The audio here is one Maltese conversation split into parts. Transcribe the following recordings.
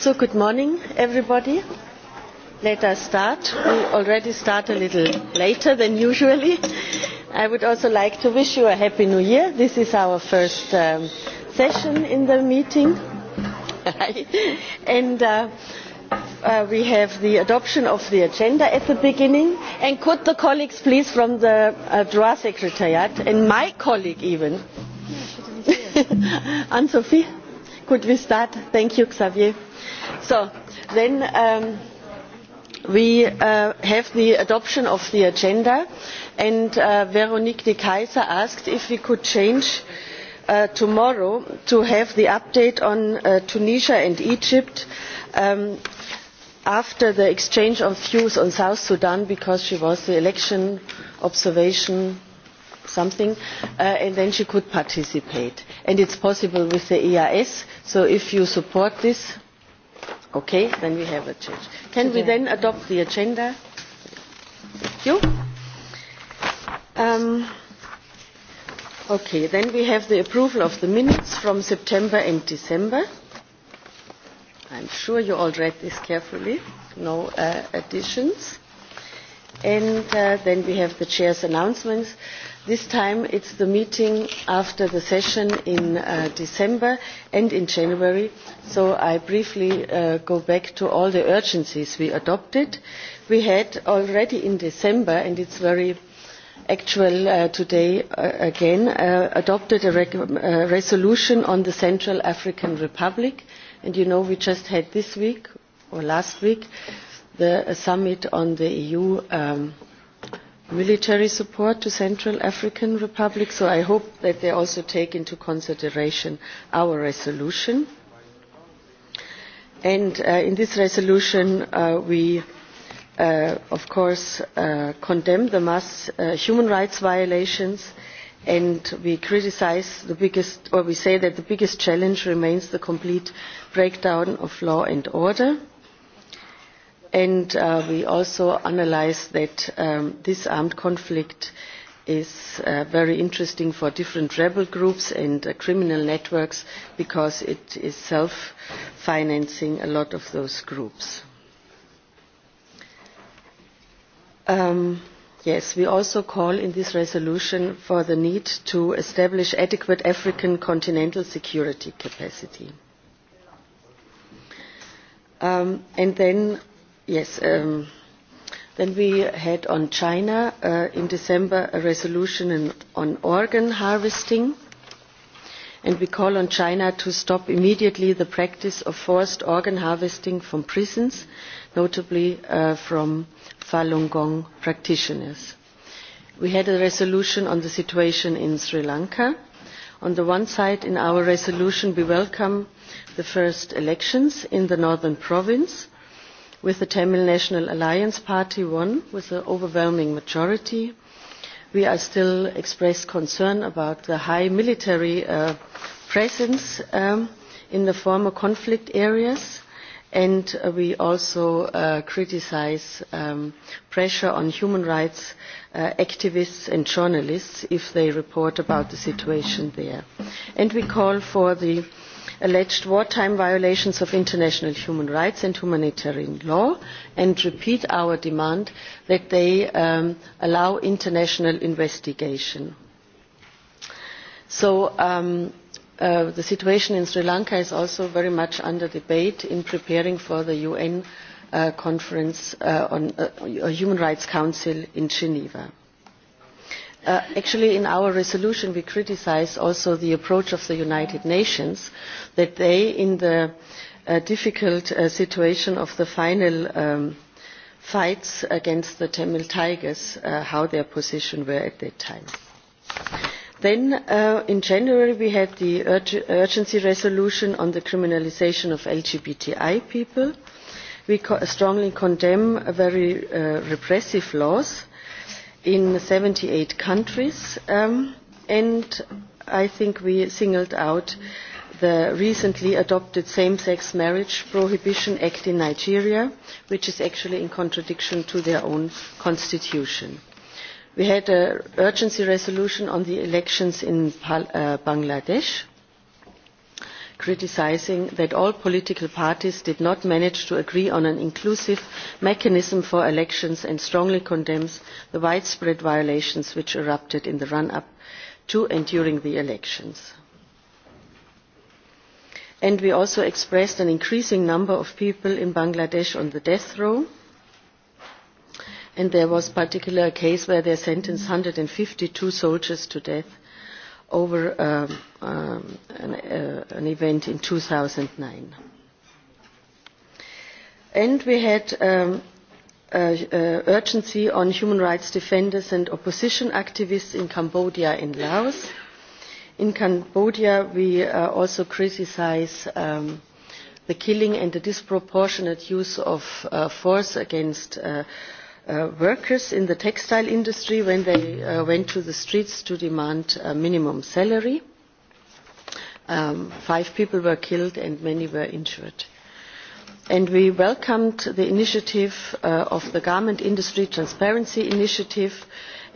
So good morning, everybody. Let us start. We already start a little later than usually. I would also like to wish you a Happy New Year. This is our first um, session in the meeting. and uh, uh, we have the adoption of the agenda at the beginning. And could the colleagues please from the uh, DRA Secretariat, and my colleague even, Anne-Sophie, could we start? Thank you, Xavier. So, then um, we uh, have the adoption of the agenda, and uh, Veronique de Kaiser asked if we could change uh, tomorrow to have the update on uh, Tunisia and Egypt um, after the exchange of views on South Sudan because she was the election observation something uh, and then she could participate and it's possible with the EIS So if you support this, okay, then we have a change. Can okay. we then adopt the agenda? Thank you. Um, okay, then we have the approval of the minutes from September and December. I'm sure you all read this carefully, no uh, additions. And uh, then we have the chair's announcements. This time it's the meeting after the session in uh, December and in January, so I briefly uh, go back to all the urgencies we adopted. We had already in December, and it's very actual uh, today uh, again, uh, adopted a rec uh, resolution on the Central African Republic, and you know we just had this week, or last week, the uh, summit on the EU um, military support to Central African Republic, so I hope that they also take into consideration our resolution. And uh, in this resolution, uh, we, uh, of course, uh, condemn the mass uh, human rights violations and we criticize the biggest, or we say that the biggest challenge remains the complete breakdown of law and order and uh, we also analyze that um, this armed conflict is uh, very interesting for different rebel groups and uh, criminal networks because it is self-financing a lot of those groups. Um, yes, we also call in this resolution for the need to establish adequate African continental security capacity. Um, and then Yes. Um, then we had on China uh, in December a resolution in, on organ harvesting. And we call on China to stop immediately the practice of forced organ harvesting from prisons, notably uh, from Falun Gong practitioners. We had a resolution on the situation in Sri Lanka. On the one side, in our resolution, we welcome the first elections in the northern province with the Tamil National Alliance Party won with an overwhelming majority. We are still expressed concern about the high military uh, presence um, in the former conflict areas and uh, we also uh, criticize um, pressure on human rights uh, activists and journalists if they report about the situation there. And we call for the alleged wartime violations of international human rights and humanitarian law and repeat our demand that they um, allow international investigation. So um, uh, the situation in Sri Lanka is also very much under debate in preparing for the UN uh, conference uh, on uh, Human Rights Council in Geneva. Uh, actually, in our resolution, we criticize also the approach of the United Nations that they, in the uh, difficult uh, situation of the final um, fights against the Tamil Tigers, uh, how their position were at that time. Then uh, in January we had the ur urgency resolution on the criminalization of LGBTI people. We co strongly condemn very uh, repressive laws in 78 countries um, and I think we singled out the recently adopted same-sex marriage prohibition act in Nigeria, which is actually in contradiction to their own constitution. We had an urgency resolution on the elections in Pal uh, Bangladesh, criticising that all political parties did not manage to agree on an inclusive mechanism for elections and strongly condemns the widespread violations which erupted in the run-up to and during the elections. And we also expressed an increasing number of people in Bangladesh on the death row. And there was a particular case where they sentenced 152 soldiers to death over um, um, an, uh, an event in 2009. And we had um, a, a urgency on human rights defenders and opposition activists in Cambodia and Laos. In Cambodia, we uh, also criticize um, the killing and the disproportionate use of uh, force against uh, uh, workers in the textile industry when they uh, went to the streets to demand a minimum salary. Um, five people were killed and many were injured. And we welcomed the initiative uh, of the Garment Industry Transparency Initiative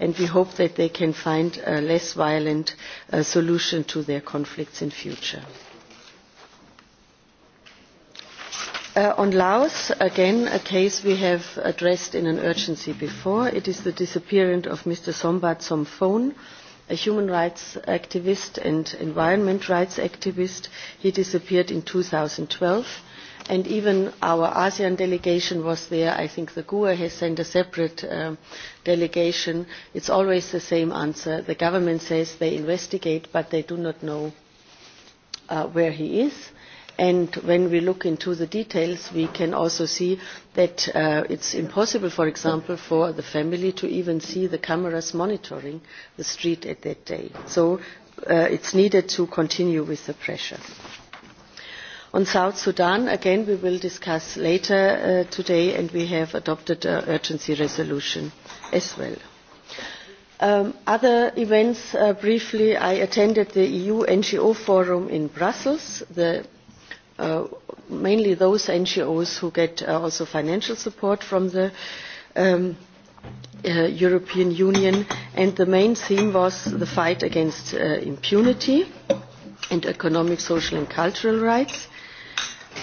and we hope that they can find a less violent uh, solution to their conflicts in future. Uh, on Laos, again, a case we have addressed in an urgency before. It is the disappearance of Mr. Sombat Somphone, a human rights activist and environment rights activist. He disappeared in 2012. And even our ASEAN delegation was there. I think the GUA has sent a separate uh, delegation. It's always the same answer. The government says they investigate, but they do not know uh, where he is And when we look into the details, we can also see that uh, it's impossible, for example, for the family to even see the cameras monitoring the street at that day. So uh, it's needed to continue with the pressure. On South Sudan, again, we will discuss later uh, today, and we have adopted an urgency resolution as well. Um, other events, uh, briefly, I attended the EU NGO forum in Brussels, the uh, mainly those NGOs who get uh, also financial support from the um, uh, European Union and the main theme was the fight against uh, impunity and economic, social and cultural rights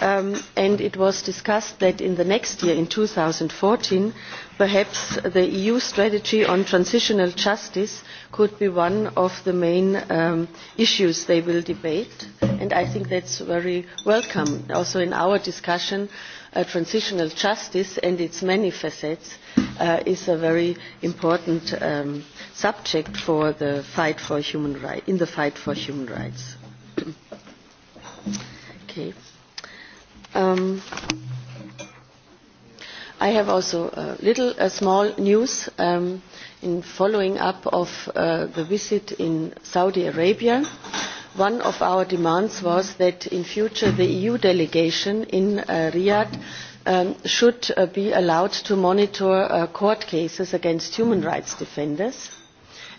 um, and it was discussed that in the next year, in 2014, perhaps the EU strategy on transitional justice could be one of the main um, issues they will debate. And I think that's very welcome. Also in our discussion, uh, transitional justice and its many facets uh, is a very important um, subject for the fight for human rights, in the fight for human rights. okay. Um, I have also a little a small news um, in following up of uh, the visit in Saudi Arabia. One of our demands was that in future the EU delegation in uh, Riyadh um, should uh, be allowed to monitor uh, court cases against human rights defenders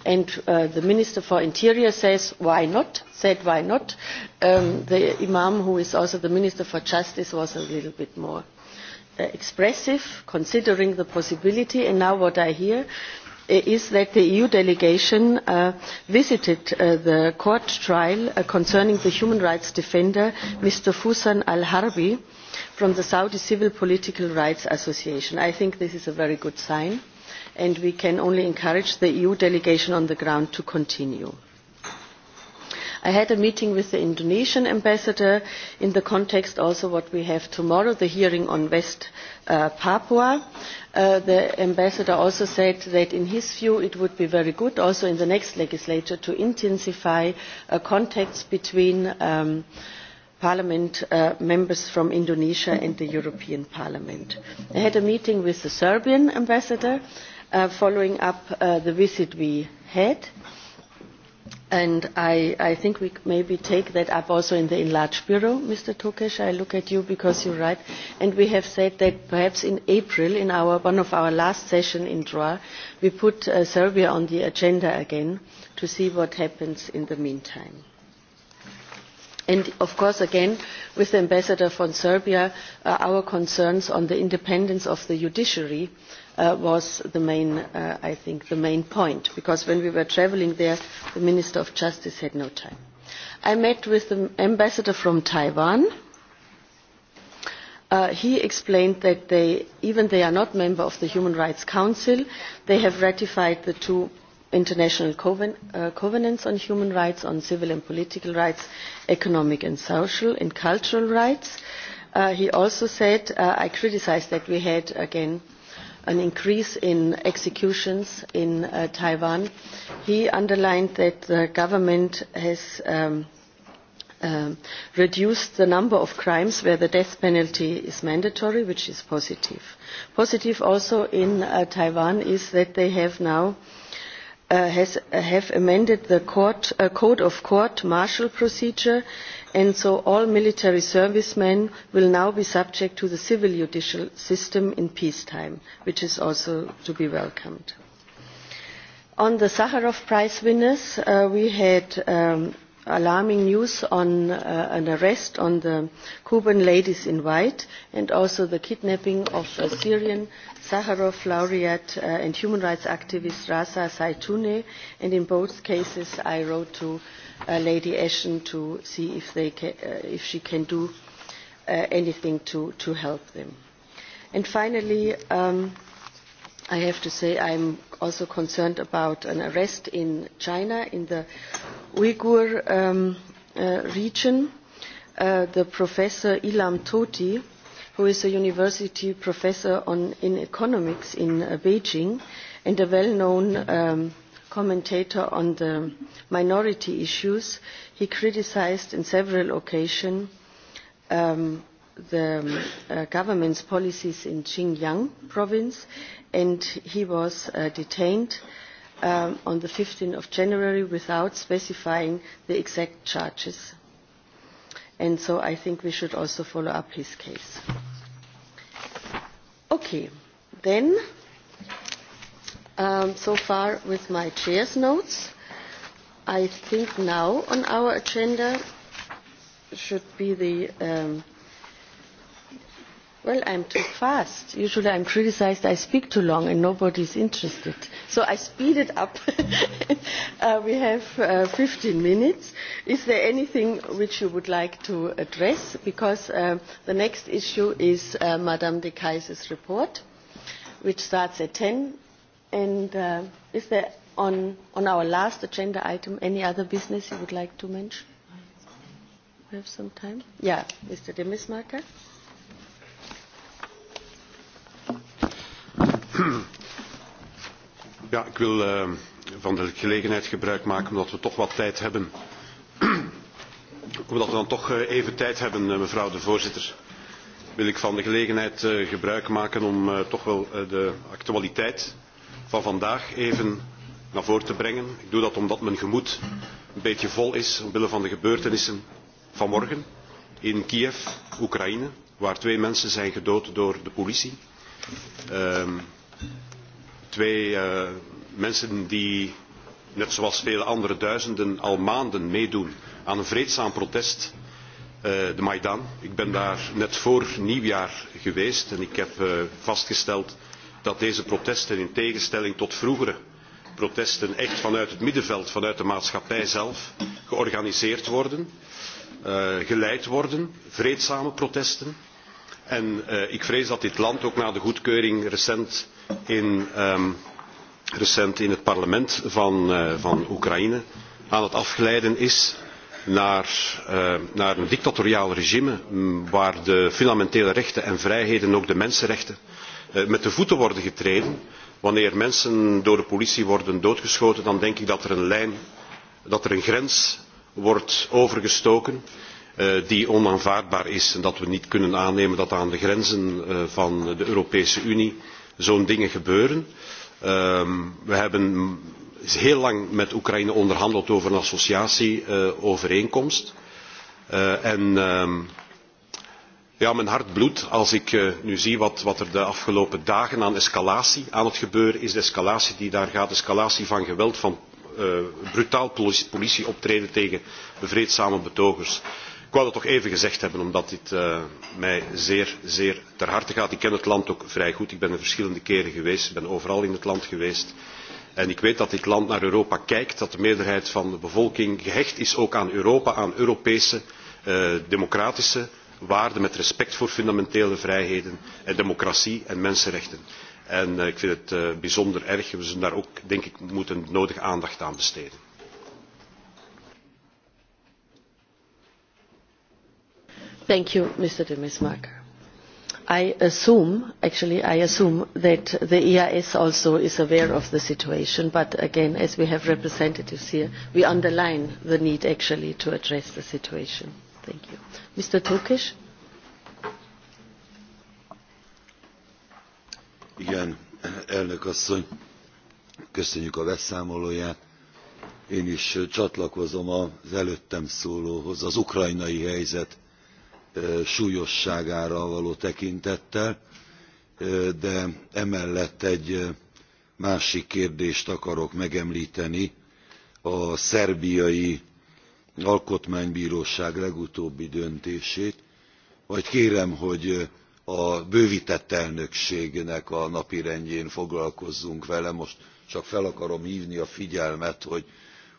And uh, the Minister for Interior says, why not? Said, why not? Um, the Imam, who is also the Minister for Justice, was a little bit more uh, expressive, considering the possibility. And now what I hear uh, is that the EU delegation uh, visited uh, the court trial uh, concerning the human rights defender, Mr. Fusan al-Harbi, from the Saudi Civil Political Rights Association. I think this is a very good sign and we can only encourage the EU delegation on the ground to continue. I had a meeting with the Indonesian ambassador in the context also what we have tomorrow, the hearing on West uh, Papua. Uh, the ambassador also said that in his view it would be very good also in the next legislature to intensify uh, contacts between um, Parliament uh, members from Indonesia and the European Parliament. I had a meeting with the Serbian ambassador uh, following up uh, the visit we had. And I, I think we maybe take that up also in the enlarged bureau, Mr. Tokesh. I look at you because you're right. And we have said that perhaps in April, in our, one of our last sessions in Dra, we put uh, Serbia on the agenda again to see what happens in the meantime. And of course, again, with the ambassador from Serbia, uh, our concerns on the independence of the judiciary uh, was the main, uh, I think, the main point, because when we were traveling there, the Minister of Justice had no time. I met with the ambassador from Taiwan. Uh, he explained that they, even they are not member of the Human Rights Council, they have ratified the two international coven uh, covenants on human rights, on civil and political rights, economic and social and cultural rights. Uh, he also said, uh, I criticized that we had, again, an increase in executions in uh, Taiwan. He underlined that the government has um, uh, reduced the number of crimes where the death penalty is mandatory, which is positive. Positive also in uh, Taiwan is that they have now uh, uh, has, uh, have amended the court, uh, Code of Court Martial Procedure and so all military servicemen will now be subject to the civil judicial system in peacetime, which is also to be welcomed. On the Sakharov Prize winners, uh, we had um, alarming news on uh, an arrest on the Cuban ladies in white and also the kidnapping of a Syrian Sakharov laureate uh, and human rights activist Rasa Saitune. And in both cases, I wrote to uh, Lady Ashton to see if, they ca uh, if she can do uh, anything to, to help them. And finally, um, I have to say I'm also concerned about an arrest in China, in the Uyghur um, uh, region. Uh, the professor Ilam Toti, who is a university professor on, in economics in uh, Beijing and a well-known um, commentator on the minority issues, he criticized in several occasions um, the um, uh, government's policies in Xinjiang province and he was uh, detained um, on the 15th of January without specifying the exact charges. And so I think we should also follow up his case. Okay, then um, so far with my chair's notes. I think now on our agenda should be the um, Well, I'm too fast. Usually I'm criticized I speak too long and nobody's interested. So I speed it up. uh, we have uh, 15 minutes. Is there anything which you would like to address? Because uh, the next issue is uh, Madame de Kaiser's report, which starts at 10. And uh, is there on, on our last agenda item any other business you would like to mention? We have some time. Yeah, Mr. Demismarker. Ja, ik wil uh, van de gelegenheid gebruik maken omdat we toch wat tijd hebben. omdat we dan toch uh, even tijd hebben, uh, mevrouw de voorzitter, wil ik van de gelegenheid uh, gebruik maken om uh, toch wel uh, de actualiteit van vandaag even naar voren te brengen. Ik doe dat omdat mijn gemoed een beetje vol is omwille van de gebeurtenissen van morgen in Kiev, Oekraïne, waar twee mensen zijn gedood door de politie. uh, Twee uh, mensen die, net zoals vele andere duizenden, al maanden meedoen aan een vreedzaam protest, uh, de Maidan. Ik ben daar net voor nieuwjaar geweest en ik heb uh, vastgesteld dat deze protesten in tegenstelling tot vroegere protesten echt vanuit het middenveld, vanuit de maatschappij zelf, georganiseerd worden, uh, geleid worden, vreedzame protesten. En uh, ik vrees dat dit land ook na de goedkeuring recent in, um, recent in het parlement van, uh, van Oekraïne aan het afgeleiden is naar, uh, naar een dictatoriaal regime mm, waar de fundamentele rechten en vrijheden ook de mensenrechten uh, met de voeten worden getreden. Wanneer mensen door de politie worden doodgeschoten, dan denk ik dat er een lijn, dat er een grens wordt overgestoken uh, die onaanvaardbaar is en dat we niet kunnen aannemen dat aan de grenzen uh, van de Europese Unie zo'n dingen gebeuren. Um, we hebben heel lang met Oekraïne onderhandeld over een associatieovereenkomst. Eh, uh, eh, uh, en um, ja, mijn hart bloedt als ik uh, nu zie wat, wat er de afgelopen dagen aan escalatie aan het gebeuren is. De escalatie die daar gaat, escalatie van geweld, van uh, brutaal politieoptreden tegen bevreedzame betogers. Ik wou dat toch even gezegd hebben, omdat dit uh, mij zeer, zeer ter harte gaat. Ik ken het land ook vrij goed. Ik ben er verschillende keren geweest. Ik ben overal in het land geweest. En ik weet dat dit land naar Europa kijkt, dat de meerderheid van de bevolking gehecht is ook aan Europa, aan Europese uh, democratische waarden met respect voor fundamentele vrijheden en democratie en mensenrechten. En uh, ik vind het uh, bijzonder erg. We zullen daar ook, denk ik, moeten nodig aandacht aan besteden. Thank you, Mr. Demismarker. I assume, actually, I assume that the EIS also is aware of the situation, but again, as we have representatives here, we underline the need actually to address the situation. Thank you. Mr. Tokish? Igen, elnök asszony, köszönjük a beszámolóját. Én is csatlakozom az előttem szólóhoz, az ukrajnai helyzet súlyosságára való tekintettel, de emellett egy másik kérdést akarok megemlíteni, a szerbiai alkotmánybíróság legutóbbi döntését, vagy kérem, hogy a bővített elnökségnek a napirendjén foglalkozzunk vele. Most csak fel akarom hívni a figyelmet, hogy,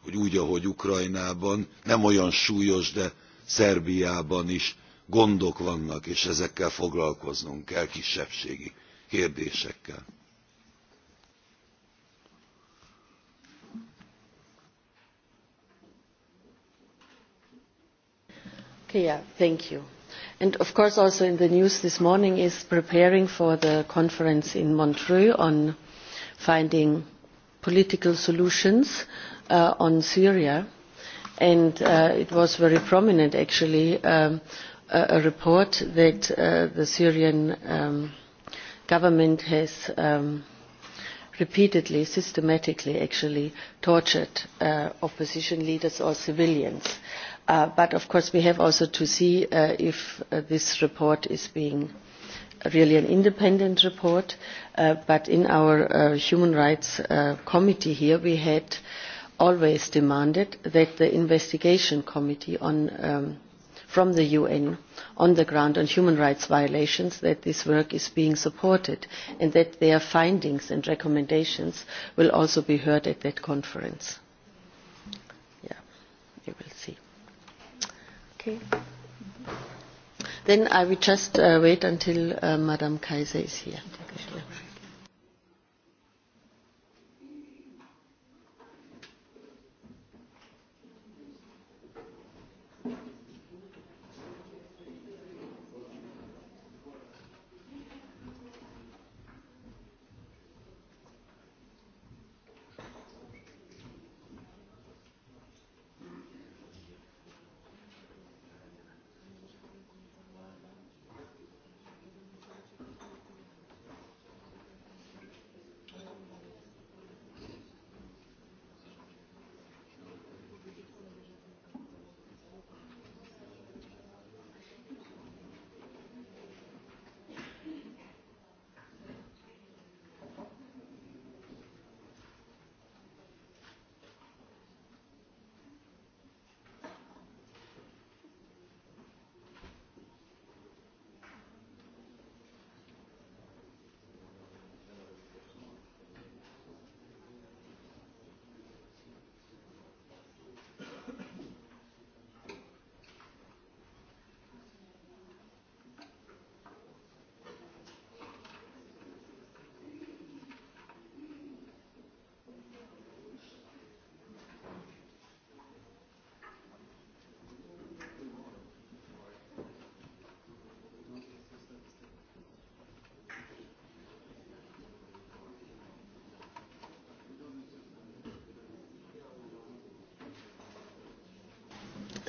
hogy úgy, ahogy Ukrajnában, nem olyan súlyos, de Szerbiában is gondok vannak, és ezekkel foglalkoznunk kell kisebbségi kérdésekkel. Okay, yeah, thank you. And of course also in the news this morning is preparing for the conference in Montreux on finding political solutions uh, on Syria. And uh, it was very prominent actually um, a report that uh, the Syrian um, government has um, repeatedly, systematically actually tortured uh, opposition leaders or civilians. Uh, but of course we have also to see uh, if uh, this report is being really an independent report. Uh, but in our uh, human rights uh, committee here we had always demanded that the investigation committee on um, from the UN on the ground on human rights violations that this work is being supported and that their findings and recommendations will also be heard at that conference. Yeah, you will see. Okay. Then I will just uh, wait until uh, Madame Kaiser is here. Thank you.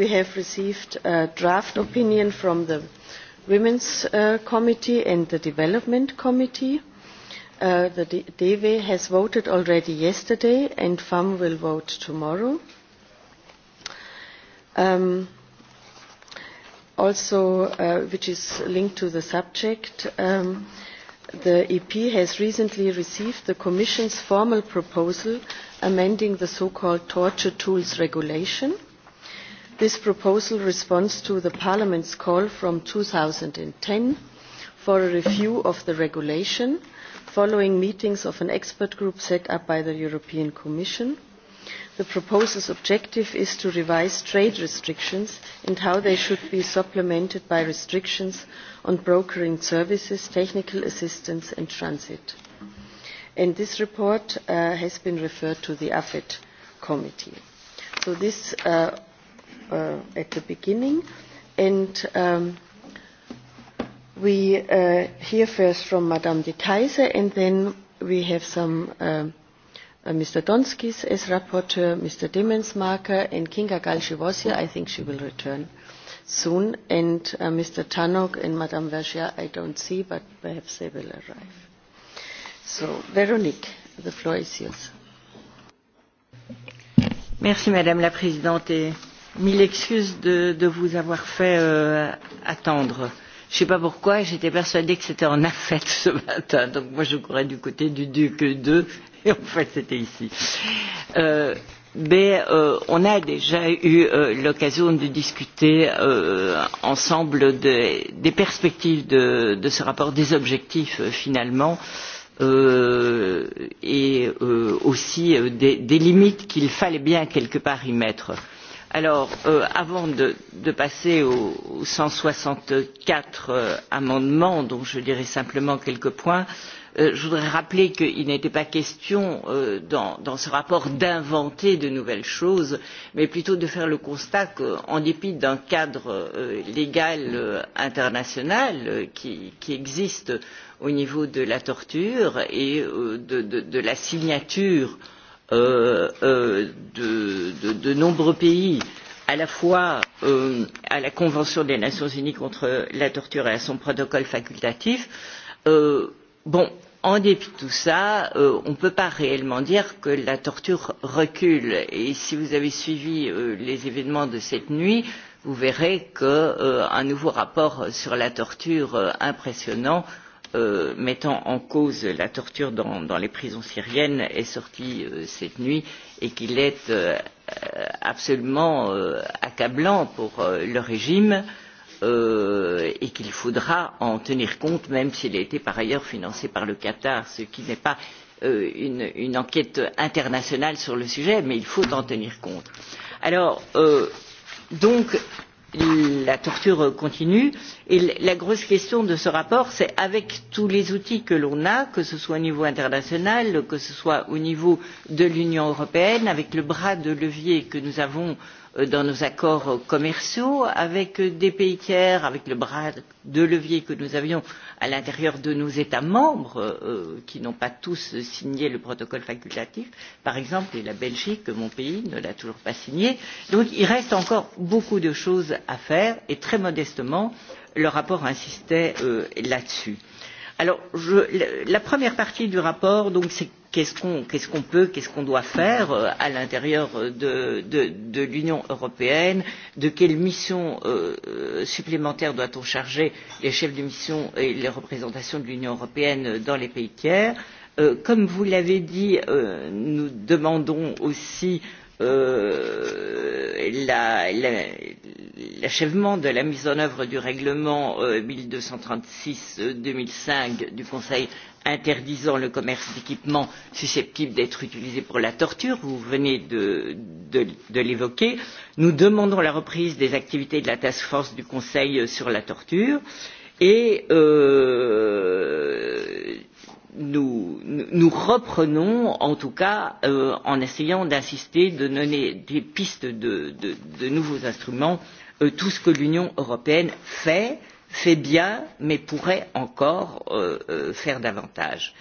we have received a draft opinion from the Women's uh, Committee and the Development Committee. Uh, the DW has voted already yesterday and FAM will vote tomorrow. Um, also, uh, which is linked to the subject, um, the EP has recently received the Commission's formal proposal amending the so-called torture tools regulation – This proposal responds to the Parliament's call from 2010 for a review of the regulation following meetings of an expert group set up by the European Commission. The proposal's objective is to revise trade restrictions and how they should be supplemented by restrictions on brokering services, technical assistance and transit. And this report uh, has been referred to the AFET committee. So this uh, uh, at the beginning. And um, we uh, hear first from Madame de Kaiser and then we have some um, uh, uh, Mr. Donskis as rapporteur, Mr. Demensmarker and Kinga Galshi was here. I think she will return soon. And uh, Mr. Tanok and Madame Vergia I don't see, but perhaps they will arrive. So, Veronique, the floor is yours. Merci Madame la Présidente et mille excuses de, de vous avoir fait euh, attendre. Je ne sais pas pourquoi, j'étais persuadée que c'était en affaire ce matin, donc moi je courais du côté du Duc 2, et en fait c'était ici. Euh, mais euh, on a déjà eu euh, l'occasion de discuter euh, ensemble des, des perspectives de, de ce rapport, des objectifs euh, finalement, euh, et euh, aussi euh, des, des limites qu'il fallait bien quelque part y mettre. Euh, Alors, euh, avant de, de passer aux, 164 euh, amendements, dont je dirai simplement quelques points, euh, je voudrais rappeler qu'il n'était pas question euh, dans, dans ce rapport d'inventer de nouvelles choses, mais plutôt de faire le constat qu'en dépit d'un cadre euh, légal euh, international euh, qui, qui existe au niveau de la torture et euh, de, de, de la signature euh, euh, euh, de, de, de nombreux pays à la fois euh, à la Convention des Nations Unies contre la torture et à son protocole facultatif, euh, bon, en dépit de tout ça, euh, on ne peut pas réellement dire que la torture recule. Et si vous avez suivi euh, les événements de cette nuit, vous verrez qu'un euh, nouveau rapport sur la torture euh, impressionnant euh, euh, mettant en cause la torture dans, dans les prisons syriennes est sorti euh, cette nuit et qu'il est euh, absolument euh, accablant pour euh, le régime euh, et qu'il faudra en tenir compte même s'il a été par ailleurs financé par le Qatar, ce qui n'est pas euh, une, une enquête internationale sur le sujet, mais il faut en tenir compte. Alors, euh, donc, la torture continue et la grosse question de ce rapport c'est avec tous les outils que l'on a que ce soit au niveau international que ce soit au niveau de l'union européenne avec le bras de levier que nous avons euh, Euh, dans nos accords commerciaux avec euh, des pays tiers, avec le bras de levier que nous avions à l'intérieur de nos États membres, euh, qui n'ont pas tous signé le protocole facultatif, par exemple, et la Belgique, mon pays, ne l'a toujours pas signé. Donc il reste encore beaucoup de choses à faire et très modestement, le rapport insistait euh, là-dessus. Euh, Alors, je, la première partie du rapport, donc, c'est qu'est-ce qu'on qu qu peut, qu'est-ce qu'on doit faire euh, à l'intérieur de, de, de l'Union européenne, de quelle mission euh, euh supplémentaire doit-on charger les chefs de mission et les représentations de l'Union européenne dans les pays tiers. Euh, comme vous l'avez dit, euh, nous demandons aussi l'achèvement euh, la, la, de la mise en œuvre du règlement euh, 1236-2005 euh, du Conseil interdisant le commerce d'équipements susceptibles d'être utilisés pour la torture, vous venez de, de, de l'évoquer. Nous demandons la reprise des activités de la task force du Conseil euh, sur la torture et euh, nous, nous reprenons, en tout cas, euh, en essayant d'insister, de donner des pistes de, de, de nouveaux instruments, euh, tout ce que l'Union européenne fait, fait bien, mais pourrait encore euh, euh, faire davantage.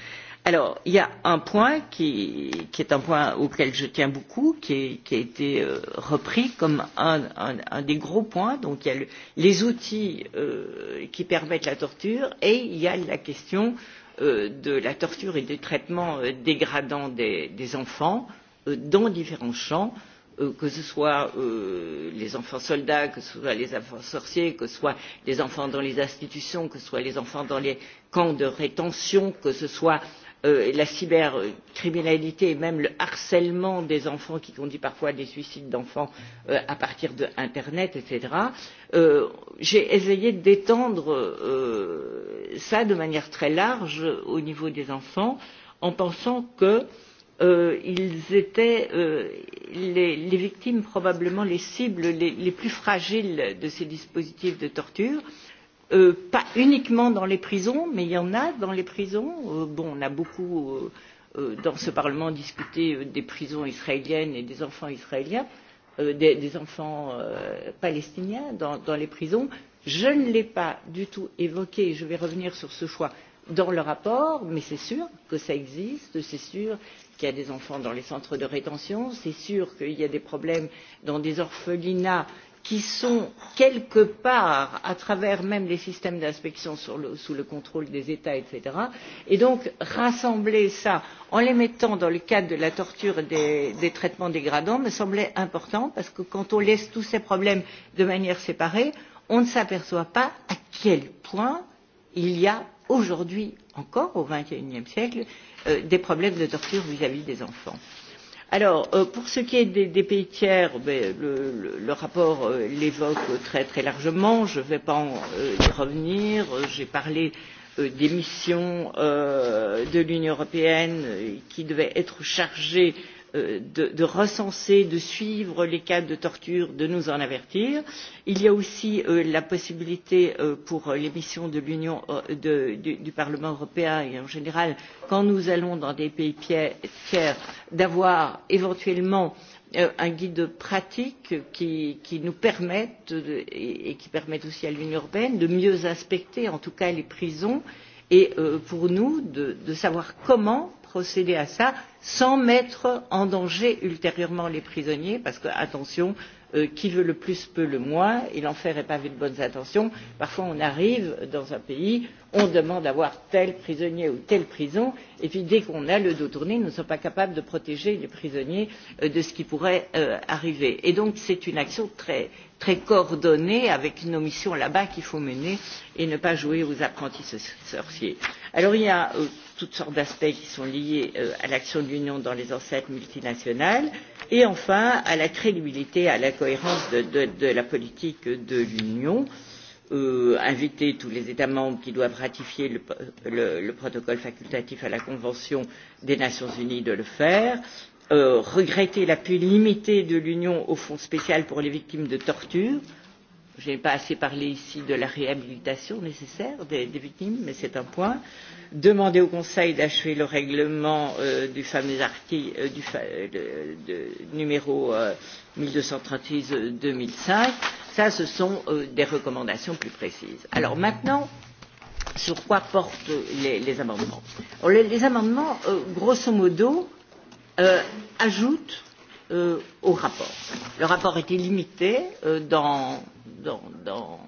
Alors, il y a un point qui, qui est un point auquel je tiens beaucoup, qui, est, qui a été euh, repris comme un, un, un des gros points. Donc, il y a le, les outils euh, qui permettent la torture et il y a la question euh, Euh, de la torture et du traitement euh, dégradant des, des enfants euh, dans différents champs, que ce soit les enfants soldats, que ce soit les enfants sorciers, que ce soit les enfants dans les institutions, que ce soit les enfants dans les camps de rétention, que ce soit euh, euh, la cybercriminalité et même le harcèlement des enfants qui conduit parfois à des suicides d'enfants euh, à partir d'Internet, etc. Euh, J'ai essayé d'étendre euh, ça de manière très large au niveau des enfants en pensant que euh, ils étaient euh, les, les victimes probablement les cibles les, les plus fragiles de ces dispositifs de torture. Euh, Euh, pas uniquement dans les prisons, mais il y en a dans les prisons. Euh, bon, on a beaucoup euh, euh, dans ce Parlement discuté euh, des prisons israéliennes et des enfants israéliens, euh, des, des enfants euh, palestiniens dans, dans les prisons. Je ne l'ai pas du tout évoqué, je vais revenir sur ce choix dans le rapport, mais c'est sûr que ça existe, c'est sûr qu'il y a des enfants dans les centres de rétention, c'est sûr qu'il y a des problèmes dans des orphelinats qui sont quelque part, à travers même les systèmes d'inspection le, sous le contrôle des États, etc. Et donc rassembler ça en les mettant dans le cadre de la torture et des, des traitements dégradants me semblait important parce que quand on laisse tous ces problèmes de manière séparée, on ne s'aperçoit pas à quel point il y a aujourd'hui encore au XXIe siècle euh, des problèmes de torture vis-à-vis -vis des enfants. Alors, euh, pour ce qui est des, des pays tiers, ben, le, le, le rapport euh, l'évoque très très largement, je ne vais pas en, euh, y revenir, j'ai parlé euh, des missions euh, de l'Union européenne euh, qui devaient être chargées euh, Euh, de, de recenser, de suivre les cas de torture, de nous en avertir. Il y a aussi euh, la possibilité euh, pour les missions de l'Union euh, du, du Parlement européen et en général quand nous allons dans des pays tiers d'avoir éventuellement euh, un guide pratique qui, qui nous permette de, et, et qui permette aussi à l'Union européenne de mieux inspecter en tout cas les prisons et euh, pour nous de, de savoir comment procéder à ça sans mettre en danger ultérieurement les prisonniers parce que attention euh, qui veut le plus peut le moins et l'enfer est vu de bonnes intentions parfois on arrive dans un pays on demande d'avoir tel prisonnier ou telle prison et puis dès qu'on a le dos tourné nous ne sommes pas capables de protéger les prisonniers euh, de ce qui pourrait euh, arriver et donc c'est une action très très coordonnée avec nos missions là-bas qu'il faut mener et ne pas jouer aux apprentis sorciers alors il y a euh, toutes sortes d'aspects qui sont liés euh, à l'action de l'Union dans les enceintes multinationales et enfin à la crédibilité, à la cohérence de, de, de la politique de l'Union. Euh, inviter tous les États membres qui doivent ratifier le, le, le protocole facultatif à la Convention des Nations Unies de le faire, euh, regretter l'appui limité de l'Union au Fonds spécial pour les victimes de torture, Je n'ai pas assez parlé ici de la réhabilitation nécessaire des, des victimes, mais c'est un point. Demander au Conseil d'achever le règlement euh, du fameux article euh, du fa, de, de, numéro euh, 1236-2005, ça ce sont euh, des recommandations plus précises. Alors maintenant, sur quoi portent les, les amendements Alors, les, les amendements, euh, grosso modo, euh, ajoutent euh, au rapport. Le rapport était limité euh, dans dans, dans,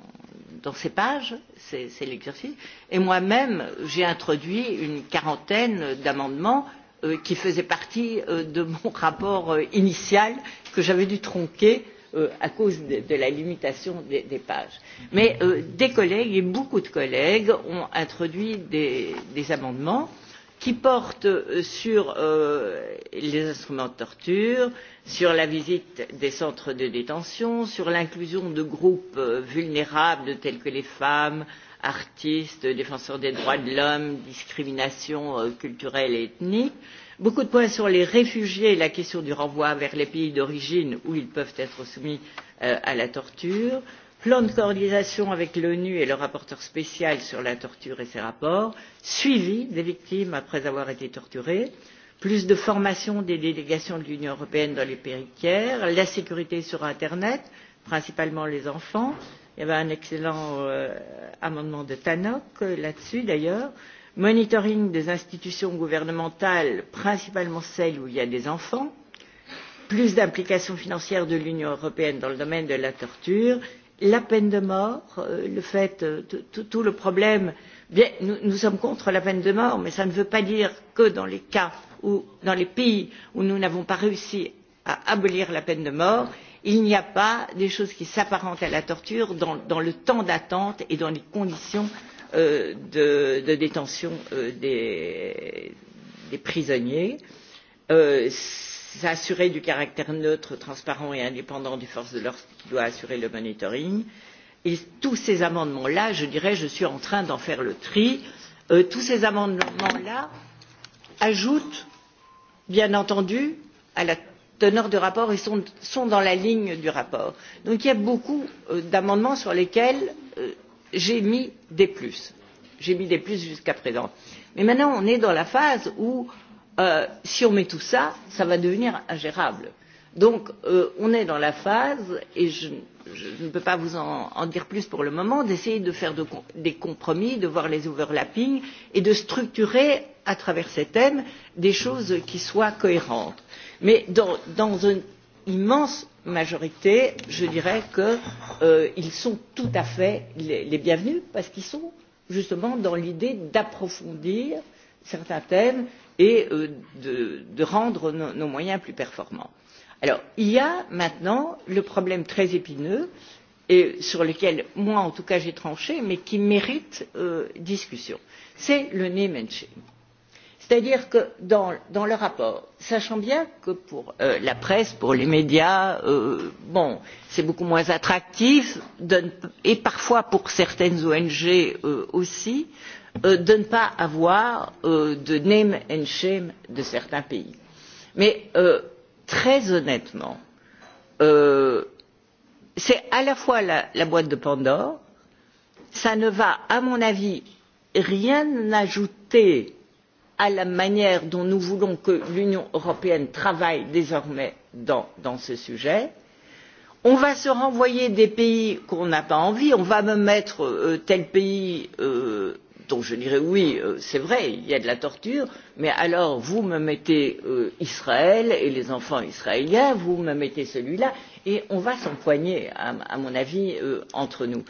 dans ces pages, c'est l'exercice, et moi-même, j'ai introduit une quarantaine d'amendements euh, qui faisaient partie euh, de mon rapport euh, initial que j'avais dû tronquer euh, à cause de, de la limitation des, des pages. Mais euh, des collègues et beaucoup de collègues ont introduit des, des amendements qui porte euh, sur euh, les instruments de torture, sur la visite des centres de détention, sur l'inclusion de groupes euh, vulnérables tels que les femmes, artistes, défenseurs des droits de l'homme, discrimination euh, culturelle et ethnique, beaucoup de points sur les réfugiés et la question du renvoi vers les pays d'origine où ils peuvent être soumis euh, à la torture, plan de coordination avec l'ONU et le rapporteur spécial sur la torture et ses rapports, suivi des victimes après avoir été torturées, plus de formation des délégations de l'Union européenne dans les pays tiers, la sécurité sur Internet, principalement les enfants. Il y avait un excellent euh, amendement de Tannock euh, là-dessus d'ailleurs. Monitoring des institutions gouvernementales, principalement celles où il y a des enfants. Plus d'implication financière de l'Union européenne dans le domaine de la torture la peine de mort, euh, le fait, euh, t -t tout le problème, bien, nous, nous sommes contre la peine de mort, mais ça ne veut pas dire que dans les cas ou dans les pays où nous n'avons pas réussi à abolir la peine de mort, il n'y a pas des choses qui s'apparentent à la torture dans, dans le temps d'attente et dans les conditions euh, de, de détention euh, des, des prisonniers. Euh, s'assurer du caractère neutre, transparent et indépendant des forces de l'ordre qui doit assurer le monitoring. Et tous ces amendements-là, je dirais, je suis en train d'en faire le tri. Euh, tous ces amendements-là ajoutent, bien entendu, à la teneur de rapport et sont, sont dans la ligne du rapport. Donc il y a beaucoup euh, d'amendements sur lesquels euh, j'ai mis des plus. J'ai mis des plus jusqu'à présent. Mais maintenant, on est dans la phase où euh, euh, si on met tout ça, ça va devenir ingérable. Donc, euh, on est dans la phase, et je, je ne peux pas vous en, en dire plus pour le moment, d'essayer de faire de, des compromis, de voir les overlappings et de structurer à travers ces thèmes des choses qui soient cohérentes. Mais dans, dans une immense majorité, je dirais qu'ils euh, sont tout à fait les, les bienvenus parce qu'ils sont justement dans l'idée d'approfondir euh, certains thèmes et euh, de, de rendre nos, nos moyens plus performants. Alors, il y a maintenant le problème très épineux et sur lequel moi en tout cas j'ai tranché mais qui mérite euh, discussion. C'est le name and shame. C'est-à-dire que dans, dans le rapport, sachant bien que pour euh, la presse, pour les médias, euh, bon, c'est beaucoup moins attractif, de, et parfois pour certaines ONG euh, aussi, euh, de ne pas avoir euh, de name and shame de certains pays. Mais euh, très honnêtement, euh, c'est à la fois la, la boîte de Pandore, ça ne va, à mon avis, rien ajouter à la manière dont nous voulons que l'Union européenne travaille désormais dans, dans ce sujet. On va se renvoyer des pays qu'on n'a pas envie, on va me mettre euh, tel pays euh, Donc je dirais oui, euh, c'est vrai, il y a de la torture, mais alors vous me mettez euh, Israël et les enfants israéliens, vous me mettez celui-là, et on va s'empoigner, à, à mon avis, euh, entre nous.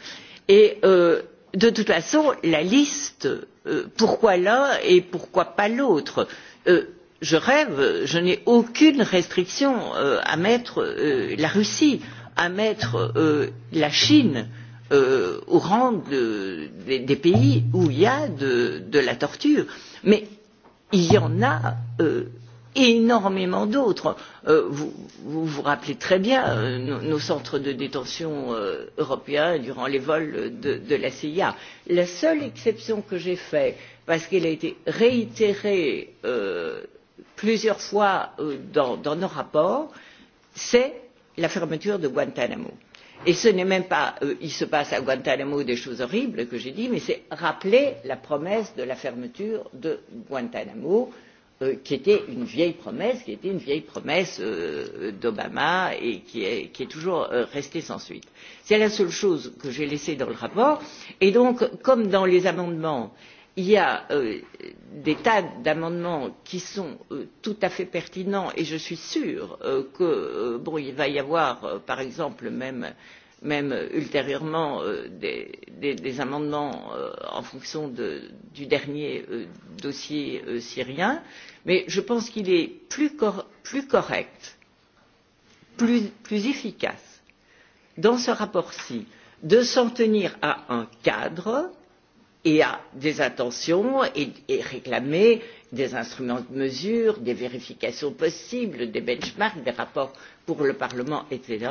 Et euh, de toute façon, la liste, euh, pourquoi l'un et pourquoi pas l'autre euh, Je rêve, je n'ai aucune restriction euh, à mettre euh, la Russie, à mettre euh, la Chine. Euh, euh, au rang de, des, des pays où il y a de, de la torture. Mais il y en a euh, énormément d'autres. Euh, vous, vous vous rappelez très bien euh, nos, nos centres de détention euh, européens durant les vols de, de la CIA. La seule exception que j'ai faite, parce qu'elle a été réitérée euh, plusieurs fois euh, dans, dans nos rapports, c'est la fermeture de Guantanamo. Euh, Et ce n'est même pas, euh, il se passe à Guantanamo des choses horribles que j'ai dit, mais c'est rappeler la promesse de la fermeture de Guantanamo, euh, qui était une vieille promesse, qui était une vieille promesse euh, d'Obama et qui est, qui est toujours euh, restée sans suite. C'est la seule chose que j'ai laissée dans le rapport. Et donc, comme dans les amendements, euh, il y a euh, des tas d'amendements qui sont euh, tout à fait pertinents et je suis sûre euh, que euh, bon il va y avoir euh, par exemple même même ultérieurement euh, des, des, des amendements euh, en fonction de, du dernier euh, dossier euh, syrien, mais je pense qu'il est plus, cor plus correct, plus, plus efficace dans ce rapport-ci de s'en tenir à un cadre et à des intentions et, et réclamer des instruments de mesure, des vérifications possibles, des benchmarks, des rapports pour le Parlement, etc.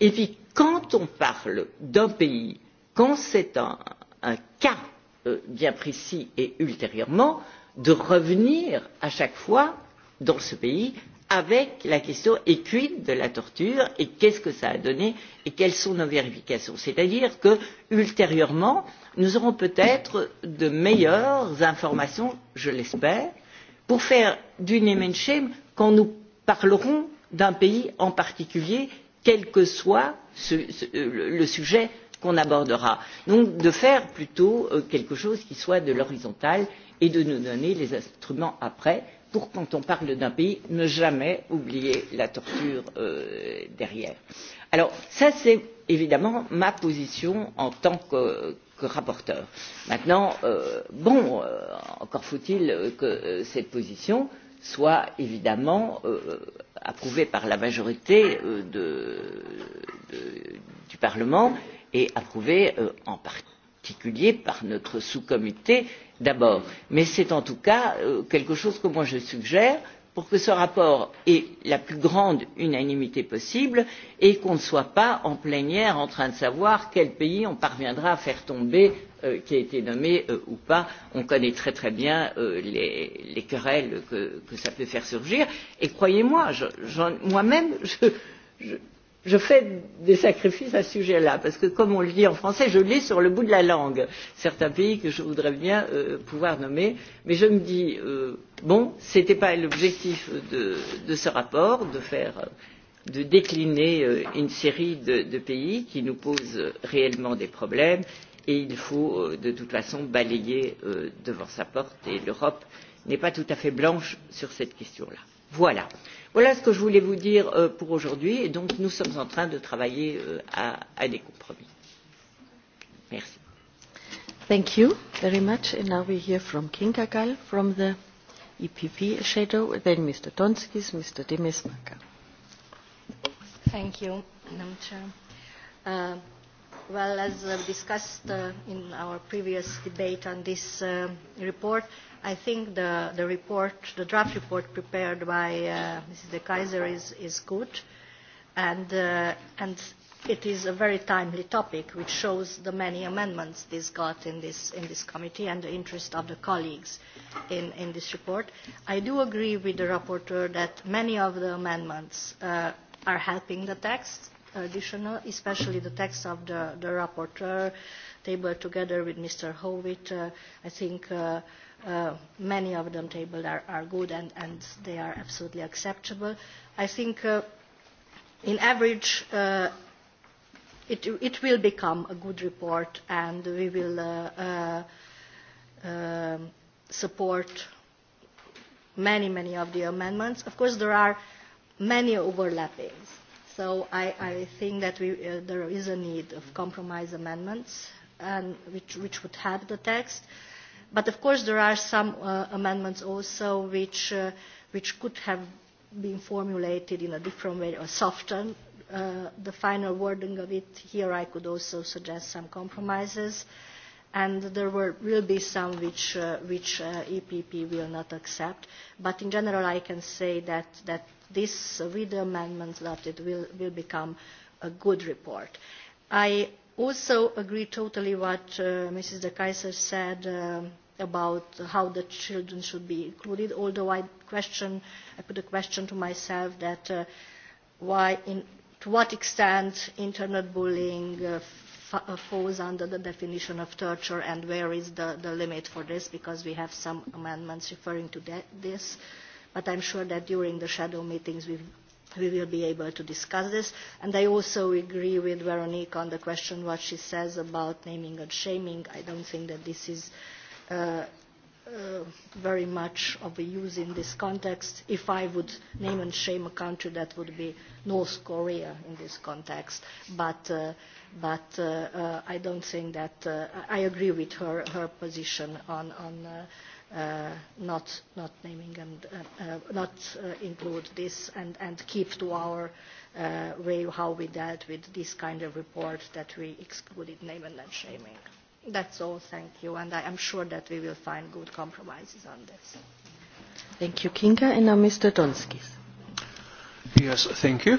Et puis, quand on parle d'un pays, quand c'est un, un cas euh, bien précis et ultérieurement, de revenir à chaque fois dans ce pays avec la question et de la torture et qu'est-ce que ça a donné et quelles sont nos vérifications. C'est-à-dire que, ultérieurement, nous aurons peut-être de meilleures informations, je l'espère, pour faire du name and shame quand nous parlerons d'un pays en particulier, quel que soit ce, ce, le sujet qu'on abordera. Donc de faire plutôt euh, quelque chose qui soit de l'horizontale et de nous donner les instruments après pour quand on parle d'un pays ne jamais oublier la torture euh, derrière. Alors ça c'est évidemment ma position en tant que, que rapporteur. Maintenant, euh, bon, euh, encore faut-il que euh, cette position soit évidemment euh, approuvée par la majorité euh, de, de, du Parlement et approuvée euh, en partie particulier par notre sous-comité d'abord. Mais c'est en tout cas euh, quelque chose que moi je suggère pour que ce rapport ait la plus grande unanimité possible et qu'on ne soit pas en plénière en train de savoir quel pays on parviendra à faire tomber euh, qui a été nommé euh, ou pas. On connaît très très bien euh, les, les querelles que, que ça peut faire surgir. Et croyez-moi, moi-même, je, moi -même, je, je, je fais des sacrifices à ce sujet-là, parce que comme on le dit en français, je l'ai sur le bout de la langue, certains pays que je voudrais bien euh, pouvoir nommer, mais je me dis, euh, bon, ce n'était pas l'objectif de, de ce rapport, de faire, de décliner euh, une série de, de pays qui nous posent réellement des problèmes, et il faut euh, de toute façon balayer euh, devant sa porte, et l'Europe n'est pas tout à fait blanche sur cette question-là. Voilà. Voilà ce que je voulais vous dire euh, pour aujourd'hui. Et donc, nous sommes en train de travailler euh, à, à des compromis. Merci. Thank you very much. And now we hear from King Kakal, from the EPP shadow, then Mr. Tonskis, Mr. Demesmaka. Thank you, Madam Chair. Uh, Well, as uh, discussed uh, in our previous debate on this uh, report, I think the, the report, the draft report prepared by uh, Mrs. De Kaiser is, is good, and, uh, and it is a very timely topic, which shows the many amendments this got in this, in this committee and the interest of the colleagues in, in this report. I do agree with the rapporteur that many of the amendments uh, are helping the text additional, especially the text of the, the rapporteur tabled together with Mr. Howitt. Uh, I think uh, uh, many of them tabled are, are good and, and they are absolutely acceptable. I think uh, in average uh, it, it will become a good report and we will uh, uh, uh, support many, many of the amendments. Of course, there are many overlappings So I, I think that we, uh, there is a need of compromise amendments and which, which would help the text. But of course there are some uh, amendments also which, uh, which could have been formulated in a different way or softened uh, the final wording of it. Here I could also suggest some compromises. Uh, and there were, will be some which, uh, which uh, EPP will not accept. But in general, I can say that, that this, uh, with the amendments that it will, will become a good report. I also agree totally what uh, Mrs. De Kaiser said uh, about how the children should be included, although I, question, I put a question to myself that uh, why in, to what extent internet bullying, uh, Uh, falls under the definition of torture and where is the, the limit for this because we have some amendments referring to that, this. But I'm sure that during the shadow meetings we we will be able to discuss this. And I also agree with Veronique on the question what she says about naming and shaming. I don't think that this is uh, uh, very much of a use in this context. If I would name and shame a country, that would be North Korea in this context. But, uh, but uh, uh, I don't think that uh, I agree with her, her position on, on uh, uh, not, not naming and uh, uh, not uh, include this and, and keep to our uh, way how we dealt with this kind of report that we excluded name and shaming. That's all, thank you, and I am sure that we will find good compromises on this. Thank you, Kinga, and now Mr. Donskis. Yes, thank you.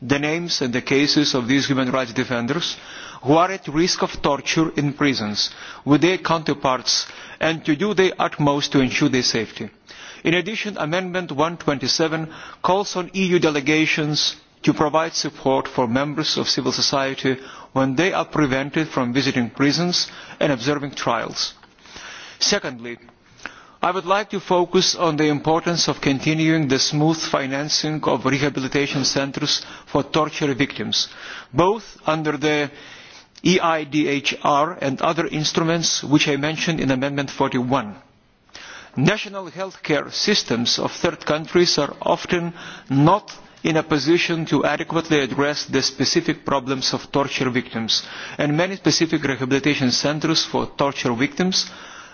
the names and the cases of these human rights defenders who are at risk of torture in prisons with their counterparts and to do their utmost to ensure their safety. In addition, Amendment 127 calls on EU delegations to provide support for members of civil society when they are prevented from visiting prisons and observing trials. Secondly, I would like to focus on the importance of continuing the smooth financing of rehabilitation centres for torture victims, both under the EIDHR and other instruments which I mentioned in Amendment 41. National health care systems of third countries are often not in a position to adequately address the specific problems of torture victims, and many specific rehabilitation centres for torture victims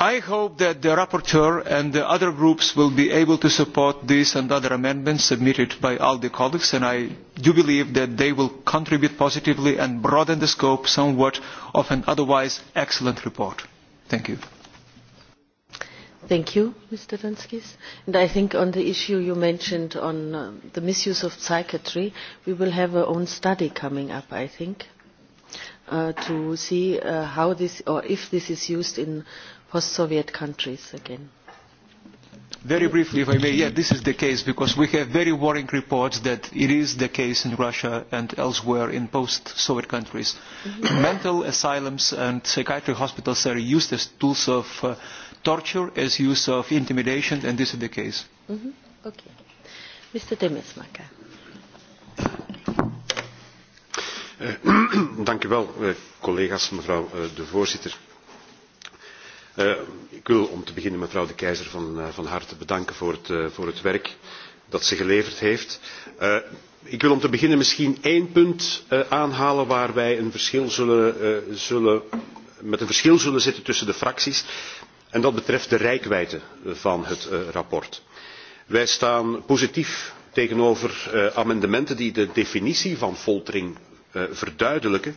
I hope that the rapporteur and the other groups will be able to support these and other amendments submitted by ALDE colleagues, and I do believe that they will contribute positively and broaden the scope somewhat of an otherwise excellent report. Thank you. Thank you, Mr. Danskis. And I think on the issue you mentioned on uh, the misuse of psychiatry, we will have our own study coming up, I think, uh, to see uh, how this or if this is used in post-Soviet countries again. Very briefly, if I may, yeah, this is the case because we have very worrying reports that it is the case in Russia and elsewhere in post-Soviet countries. Mm -hmm. Mental asylums and psychiatric hospitals are used as tools of uh, torture, as use of intimidation, and this is the case. Mm -hmm. Okay. Mr. Demesmaka. Eh, dank u wel, eh, collega's, mevrouw eh, de voorzitter. Uh, ik wil om te beginnen mevrouw de Keizer van, uh, van harte bedanken voor het, uh, voor het werk dat ze geleverd heeft. Uh, ik wil om te beginnen misschien één punt uh, aanhalen waar wij een verschil zullen, uh, zullen, met een verschil zullen zitten tussen de fracties. En dat betreft de rijkwijde van het uh, rapport. Wij staan positief tegenover uh, amendementen die de definitie van foltering uh, verduidelijken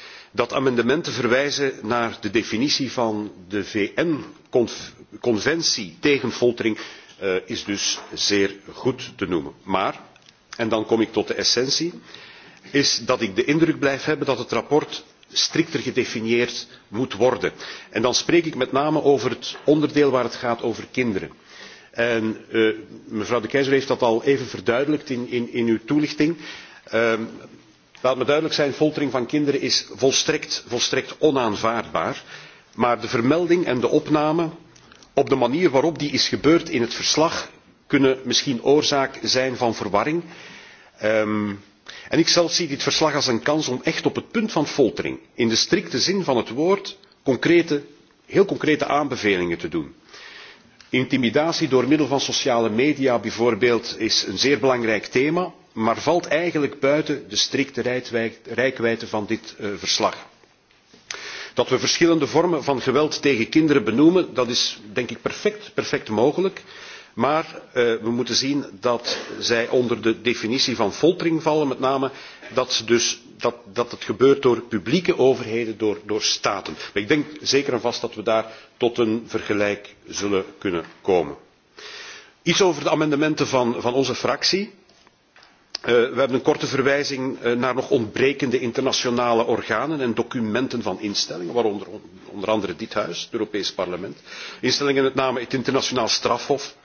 dat amendement te verwijzen naar de definitie van de VN conventie tegen foltering eh, is dus zeer goed te noemen. Maar en dan kom ik tot de essentie is dat ik de indruk blijf hebben dat het rapport strikter gedefinieerd moet worden. En dan spreek ik met name over het onderdeel waar het gaat over kinderen. En uh, mevrouw de Keizer heeft dat al even verduidelijkt in, in, in uw toelichting. Uh, Laat me duidelijk zijn, foltering van kinderen is volstrekt, volstrekt onaanvaardbaar. Maar de vermelding en de opname op de manier waarop die is gebeurd in het verslag kunnen misschien oorzaak zijn van verwarring. Um, en zelf zie dit verslag als een kans om echt op het punt van foltering, in de strikte zin van het woord, concrete, heel concrete aanbevelingen te doen. Intimidatie door middel van sociale media bijvoorbeeld is een zeer belangrijk thema maar valt eigenlijk buiten de strikte rijkwijde van dit eh, verslag. Dat we verschillende vormen van geweld tegen kinderen benoemen, dat is denk ik perfect, perfect mogelijk. Maar uh, we moeten zien dat zij onder de definitie van foltering vallen, met name dat, ze dus, dat, dat het gebeurt door publieke overheden, door, door staten. Maar ik denk zeker en vast dat we daar tot een vergelijk zullen kunnen komen. Iets over de amendementen van, van onze fractie. Eh, we hebben een korte verwijzing eh, naar nog ontbrekende internationale organen en documenten van instellingen, waaronder onder andere dit huis, het Europees Parlement. Instellingen met name het Internationaal Strafhof,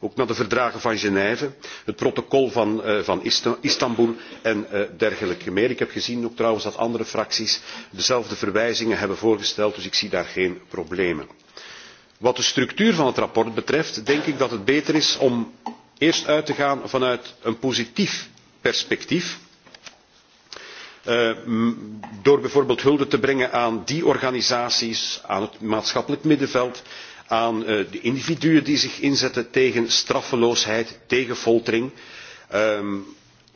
ook naar de verdragen van Genève, het protocol van, uh, van Istanbul en uh, dergelijke meer. Ik heb gezien ook trouwens dat andere fracties dezelfde verwijzingen hebben voorgesteld, dus ik zie daar geen problemen. Wat de structuur van het rapport betreft, denk ik dat het beter is om eerst uit te gaan vanuit een positief perspectief. Uh, door bijvoorbeeld hulde te brengen aan die organisaties, aan het maatschappelijk middenveld, aan uh, de individuen die zich inzetten tegen straffeloosheid, tegen foltering. Um,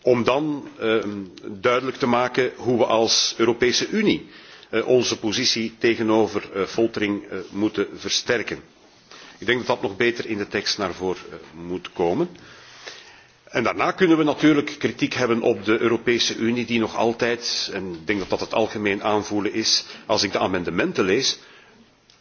om dan um, duidelijk te maken hoe we als Europese Unie uh, onze positie tegenover foltering moeten versterken. Ik denk dat dat nog beter in de tekst naar voren eh, moet komen. En daarna kunnen we natuurlijk kritiek hebben op de Europese Unie die nog altijd, en ik denk dat dat het algemeen aanvoelen is, als ik de amendementen lees,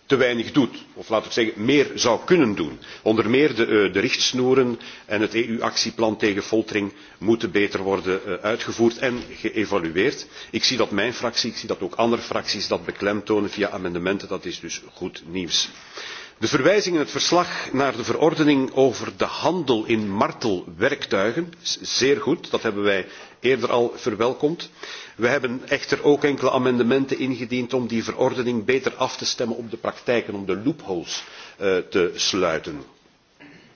te weinig doet. Of laat ik zeggen, meer zou kunnen doen. Onder meer de, eh, de richtsnoeren en het EU-actieplan tegen foltering moeten beter worden eh, uitgevoerd en geëvalueerd. Ik zie dat mijn fractie, ik zie dat ook andere fracties dat beklemtonen via amendementen. Dat is dus goed nieuws. De verwijzing in het verslag naar de verordening over de handel in martelwerktuigen, is zeer goed, dat hebben wij eerder al verwelkomd. We hebben echter ook enkele amendementen ingediend om die verordening beter af te stemmen op de praktijk en om de loopholes uh, te sluiten.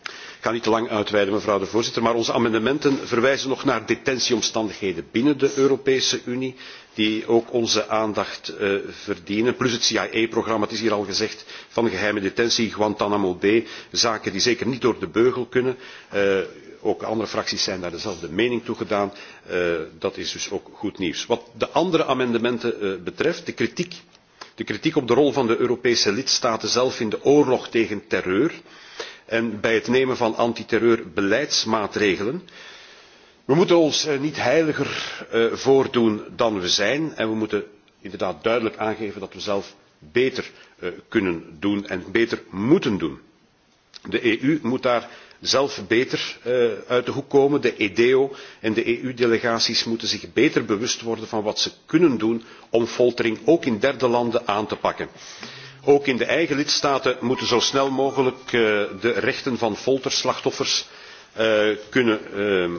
Ik ga niet te lang uitweiden, mevrouw de voorzitter, maar onze amendementen verwijzen nog naar detentieomstandigheden binnen de Europese Unie die ook onze aandacht uh, verdienen. Plus het CIA-programma, het is hier al gezegd, van geheime detentie, Guantanamo Bay. Zaken die zeker niet door de beugel kunnen. Uh, ook andere fracties zijn daar dezelfde mening toe gedaan. Uh, dat is dus ook goed nieuws. Wat de andere amendementen uh, betreft, de kritiek, de kritiek op de rol van de Europese lidstaten zelf in de oorlog tegen terreur en bij het nemen van antiterreurbeleidsmaatregelen. beleidsmaatregelen We moeten ons eh, niet heiliger eh, voordoen dan we zijn en we moeten inderdaad duidelijk aangeven dat we zelf beter eh, kunnen doen en beter moeten doen. De EU moet daar zelf beter uit de hoek komen. De EDO en de EU-delegaties moeten zich beter bewust worden van wat ze kunnen doen om foltering ook in derde landen aan te pakken. Ook in de eigen lidstaten moeten zo snel mogelijk de rechten van folterslachtoffers kunnen ehm,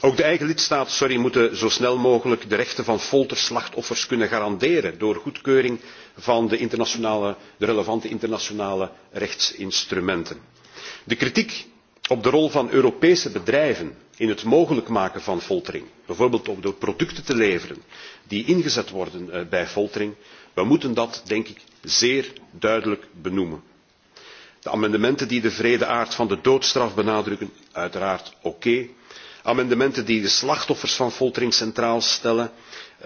Ook de eigen lidstaten sorry, moeten zo snel mogelijk de rechten van folterslachtoffers kunnen garanderen door goedkeuring van de, internationale, de relevante internationale rechtsinstrumenten. De kritiek op de rol van Europese bedrijven in het mogelijk maken van foltering, bijvoorbeeld ook door producten te leveren die ingezet worden eh, bij foltering, we moeten dat, denk ik, zeer duidelijk benoemen. De amendementen die de vrede aard van de doodstraf benadrukken, uiteraard oké. Okay Amendementen die de slachtoffers van foltering centraal stellen.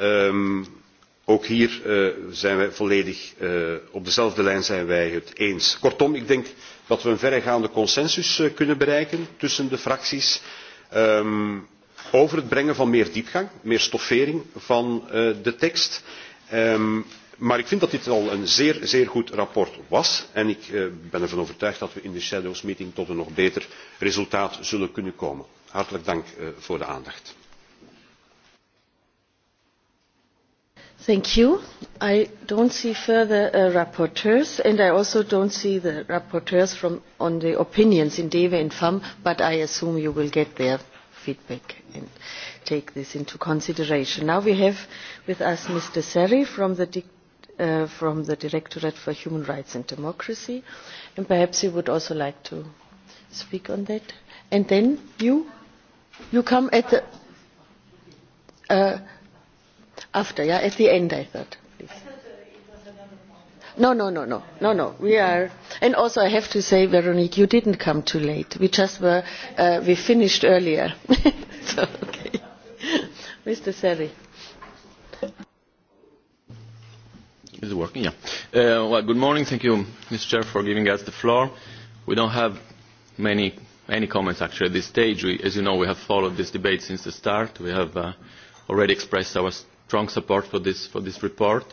Um, ook hier uh, zijn wij volledig uh, op dezelfde lijn zijn wij het eens. Kortom, ik denk dat we een verregaande consensus uh, kunnen bereiken tussen de fracties um, over het brengen van meer diepgang, meer stoffering van uh, de tekst. Um, maar ik vind dat dit al een zeer, zeer goed rapport was en ik uh, ben ervan overtuigd dat we in de shadows meeting tot een nog beter resultaat zullen kunnen komen. Hartelijk dank eh, voor de aandacht. Thank you. I don't see further uh, rapporteurs, and I also don't see the rapporteurs from, on the opinions in DEVA and FAM, but I assume you will get their feedback and take this into consideration. Now we have with us Mr. Seri from the, uh, from the Directorate for Human Rights and Democracy, and perhaps you would also like to speak on that. And then you, You come at the, uh, after, yeah, at the end, I thought. Please. No, no, no, no, no, no. We are, and also I have to say, Veronique, you didn't come too late. We just were, uh, we finished earlier. so, okay. Mr. Seri. Is it working? Yeah. Uh, well, good morning. Thank you, Mr. Chair, for giving us the floor. We don't have many any comments actually at this stage. We, as you know, we have followed this debate since the start. We have uh, already expressed our strong support for this, for this report.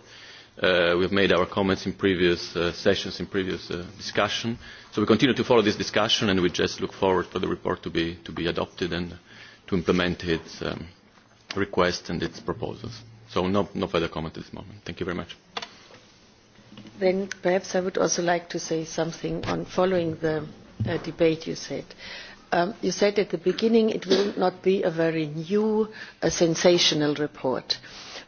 Uh, we have made our comments in previous uh, sessions, in previous uh, discussion. So we continue to follow this discussion and we just look forward for the report to be, to be adopted and to implement its um, requests and its proposals. So no, no further comment at this moment. Thank you very much. Then perhaps I would also like to say something on following the uh, debate, you said. Um, you said at the beginning it will not be a very new, a uh, sensational report.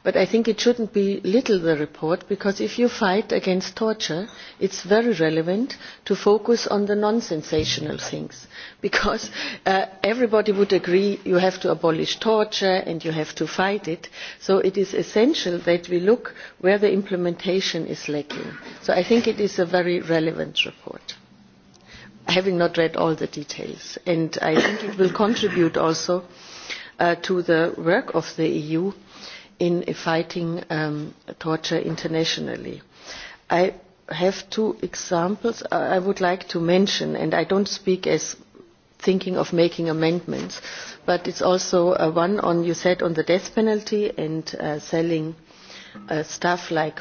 But I think it shouldn't be little the report because if you fight against torture, it's very relevant to focus on the non-sensational things. Because uh, everybody would agree you have to abolish torture and you have to fight it. So it is essential that we look where the implementation is lacking. So I think it is a very relevant report having not read all the details. And I think it will contribute also uh, to the work of the EU in fighting um, torture internationally. I have two examples uh, I would like to mention, and I don't speak as thinking of making amendments, but it's also uh, one on, you said, on the death penalty and uh, selling uh, stuff like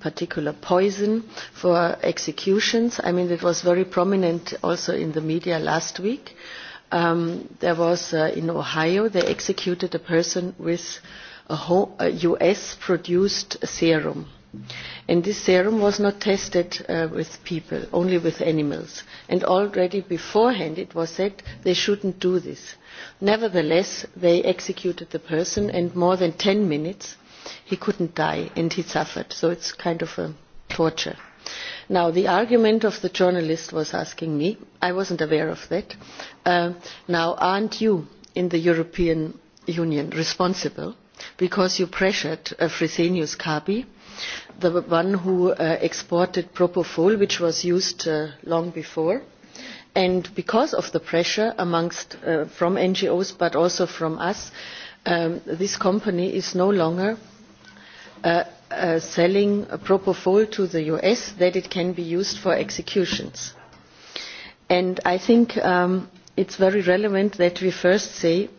particular poison for executions. I mean, it was very prominent also in the media last week. Um, there was uh, in Ohio, they executed a person with a, a US-produced serum. And this serum was not tested uh, with people, only with animals. And already beforehand it was said they shouldn't do this. Nevertheless, they executed the person and more than 10 minutes he couldn't die and he suffered. So it's kind of a torture. Now, the argument of the journalist was asking me, I wasn't aware of that. Uh, now, aren't you in the European Union responsible because you pressured uh, Fresenius Kabi, the one who uh, exported propofol, which was used uh, long before? And because of the pressure amongst, uh, from NGOs but also from us, um, this company is no longer uh, uh, selling propofol to the US that it can be used for executions. And I think um, it's very relevant that we first say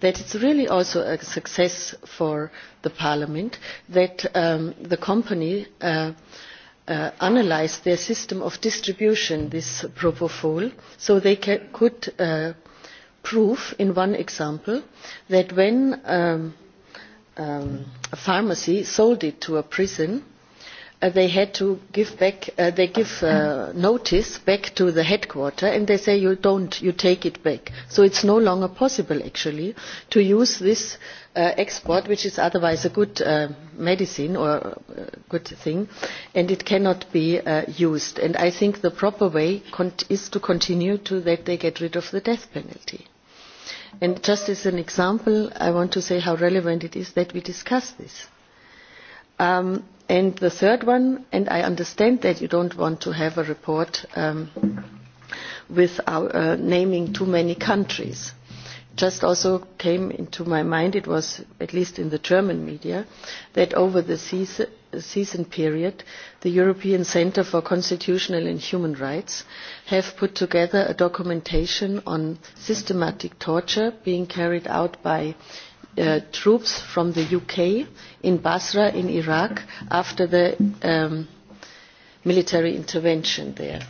that it's really also a success for the parliament that um, the company uh, uh, analyzed their system of distribution, this propofol, so they ca could uh, prove in one example that when um, um, a pharmacy, sold it to a prison, uh, they had to give back, uh, they give uh, notice back to the headquarter and they say you don't, you take it back. So it's no longer possible actually to use this uh, export, which is otherwise a good uh, medicine or a uh, good thing, and it cannot be uh, used. And I think the proper way is to continue to that they get rid of the death penalty. And just as an example, I want to say how relevant it is that we discuss this. Um, and the third one, and I understand that you don't want to have a report um, with our, uh, naming too many countries just also came into my mind, it was at least in the German media, that over the season, season period, the European Centre for Constitutional and Human Rights have put together a documentation on systematic torture being carried out by uh, troops from the UK in Basra in Iraq after the um, military intervention there.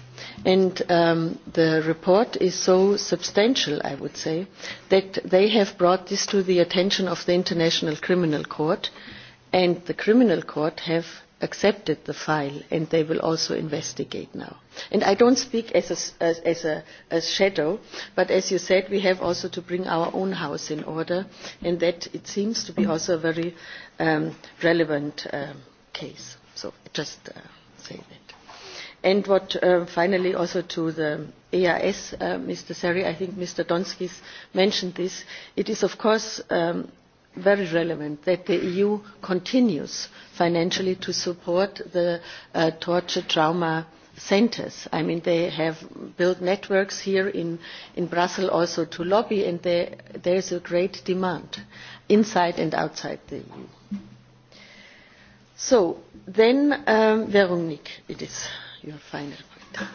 And um, the report is so substantial, I would say, that they have brought this to the attention of the International Criminal Court, and the Criminal Court have accepted the file and they will also investigate now. And I don't speak as a, as, as a as shadow, but as you said, we have also to bring our own house in order, and that it seems to be also a very um, relevant um, case. So just uh, say that. And what uh, finally also to the AIS, uh, Mr. Seri, I think Mr. Donskis mentioned this, it is of course um, very relevant that the EU continues financially to support the uh, torture trauma centers. I mean, they have built networks here in, in Brussels also to lobby, and there, there is a great demand inside and outside the EU. So, then, um, Veronique, it is your final point.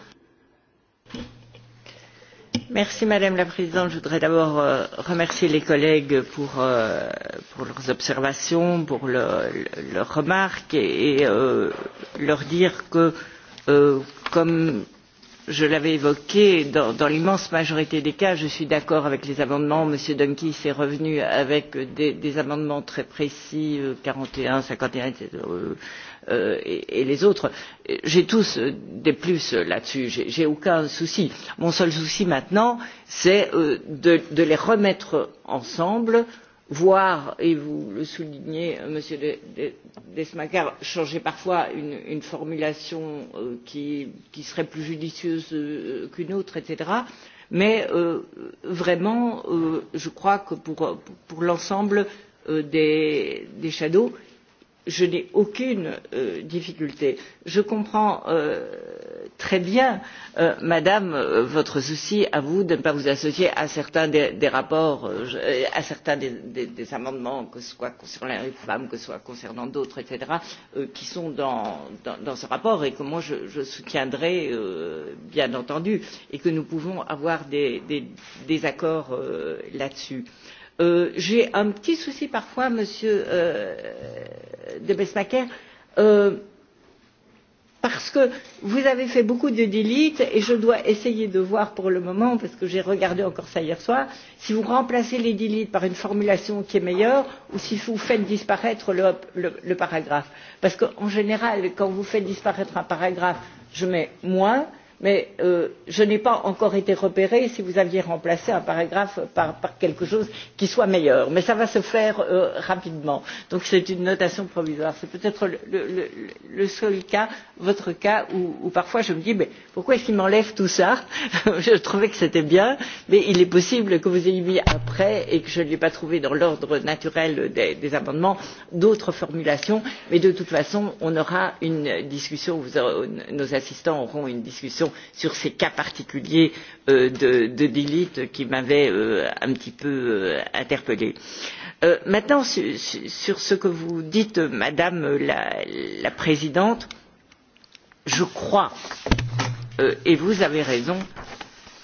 Merci Madame la Présidente. Je voudrais d'abord euh, remercier les collègues pour, euh, pour leurs observations, pour le, le, leurs remarques et, et euh, leur dire que, euh, comme je l'avais évoqué, dans, dans l'immense majorité des cas, je suis d'accord avec les amendements. M. Dunkis est revenu avec des, des amendements très précis, 41, 51, etc., euh, euh, et, et les autres. J'ai tous des plus là-dessus, j'ai aucun souci. Mon seul souci maintenant, c'est euh, de, de les remettre ensemble euh, voir, et vous le soulignez, euh, Monsieur Desmacar, changer parfois une, une formulation euh, qui, qui serait plus judicieuse euh, qu'une autre, etc. Mais euh, vraiment, euh, je crois que pour, pour l'ensemble euh, des, des shadows, je n'ai aucune euh, difficulté. Je comprends euh, très bien, euh, Madame, euh, votre souci à vous de ne pas vous associer à certains des, des rapports, euh, euh, à certains des, des, des amendements, que ce soit concernant les femmes, que ce soit concernant d'autres, etc., euh, qui sont dans, dans, dans ce rapport et que moi je, je soutiendrai, euh, bien entendu, et que nous pouvons avoir des, des, des accords euh, là-dessus. Euh, Euh, j'ai un petit souci parfois, monsieur euh, de Besmaquer, euh, parce que vous avez fait beaucoup de delete et je dois essayer de voir pour le moment, parce que j'ai regardé encore ça hier soir, si vous remplacez les delete par une formulation qui est meilleure ou si vous faites disparaître le, le, le paragraphe. Parce qu'en général, quand vous faites disparaître un paragraphe, je mets moins mais euh, je n'ai pas encore été repéré si vous aviez remplacé un paragraphe par, par quelque chose qui soit meilleur. Mais ça va se faire euh, rapidement. Donc c'est une notation provisoire. C'est peut-être le, le, le seul cas, votre cas, où, où parfois je me dis, mais pourquoi est-ce qu'il m'enlève tout ça Je trouvais que c'était bien, mais il est possible que vous ayez mis après et que je n'ai pas trouvé dans l'ordre naturel des, des amendements d'autres formulations. Mais de toute façon, on aura une discussion, vous aurez, nos assistants auront une discussion réflexion sur ces cas particuliers euh, de, de qui m'avaient euh, un petit peu euh, interpellée. Euh, maintenant, su, su, sur ce que vous dites, Madame la, la Présidente, je crois, euh, et vous avez raison,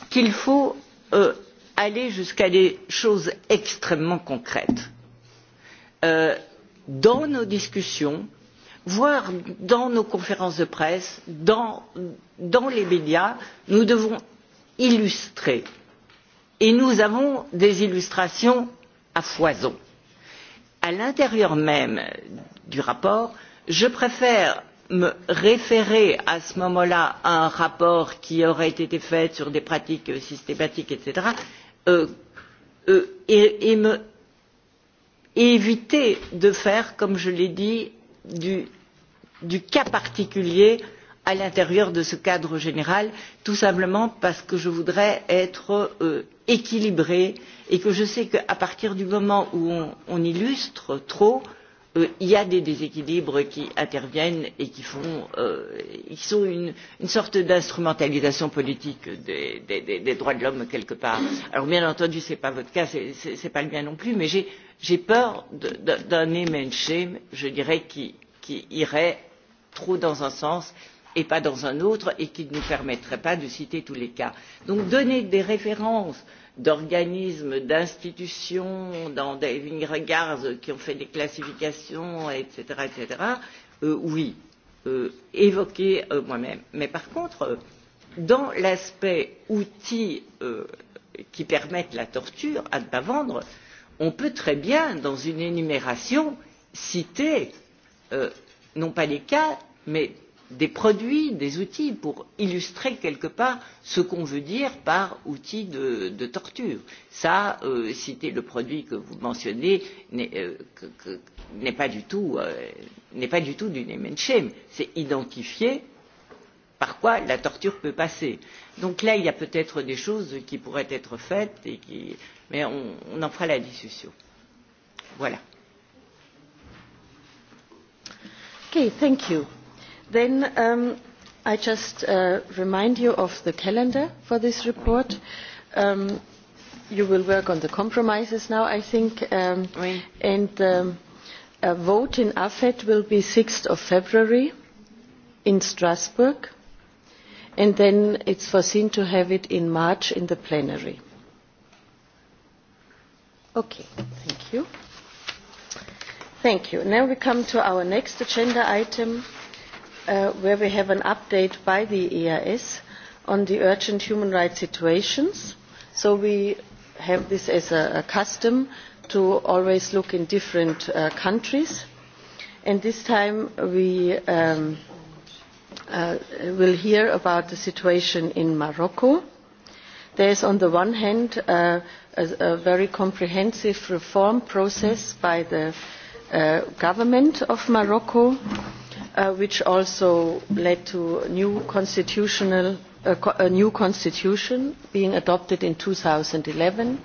qu'il faut euh, aller jusqu'à des choses extrêmement concrètes. Euh, dans nos discussions, voire dans nos conférences de presse, dans dans les médias, nous devons illustrer. Et nous avons des illustrations à foison. À l'intérieur même du rapport, je préfère me référer à ce moment-là à un rapport qui aurait été fait sur des pratiques systématiques, etc., euh, euh, et, et, me, éviter de faire, comme je l'ai dit, du, du cas particulier euh, à l'intérieur de ce cadre général, tout simplement parce que je voudrais être euh, équilibrée et que je sais qu'à partir du moment où on, on illustre trop, euh, il y a des déséquilibres qui interviennent et qui font, euh, qui sont une, une sorte d'instrumentalisation politique des, des, des, des droits de l'homme quelque part. Alors bien entendu, ce n'est pas votre cas, ce n'est pas le mien non plus, mais j'ai peur d'un name je dirais, qui, qui irait trop dans un sens et pas dans un autre et qui ne nous permettrait pas de citer tous les cas. Donc donner des références d'organismes, d'institutions, dans des regards qui ont fait des classifications, etc., etc., euh, oui, euh, évoquer euh, moi-même. Mais par contre, euh, dans l'aspect outils euh, qui permettent la torture à ne pas vendre, on peut très bien, dans une énumération, citer euh, non pas les cas, mais des produits, des outils pour illustrer quelque part ce qu'on veut dire par outil de, de torture. Ça, euh, citer le produit que vous mentionnez n'est euh, que, que, pas du tout euh, n'est pas du tout du shame. C'est identifier par quoi la torture peut passer. Donc là, il y a peut-être des choses qui pourraient être faites et qui, mais on, on en fera la discussion. Voilà. Okay, thank you. Then um, I just uh, remind you of the calendar for this report. Um, you will work on the compromises now, I think, um, oui. and um, a vote in AFET will be 6th of February in Strasbourg, and then it's foreseen to have it in March in the plenary. Okay, thank you. Thank you. Now we come to our next agenda item uh, where we have an update by the EIS on the urgent human rights situations. So we have this as a, a custom to always look in different uh, countries. And this time we um, uh, will hear about the situation in Morocco. There is on the one hand uh, a, a very comprehensive reform process by the uh, government of Morocco uh, which also led to a new, constitutional, uh, a new constitution being adopted in 2011.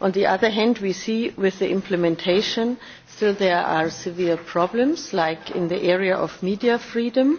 On the other hand, we see with the implementation still there are severe problems, like in the area of media freedom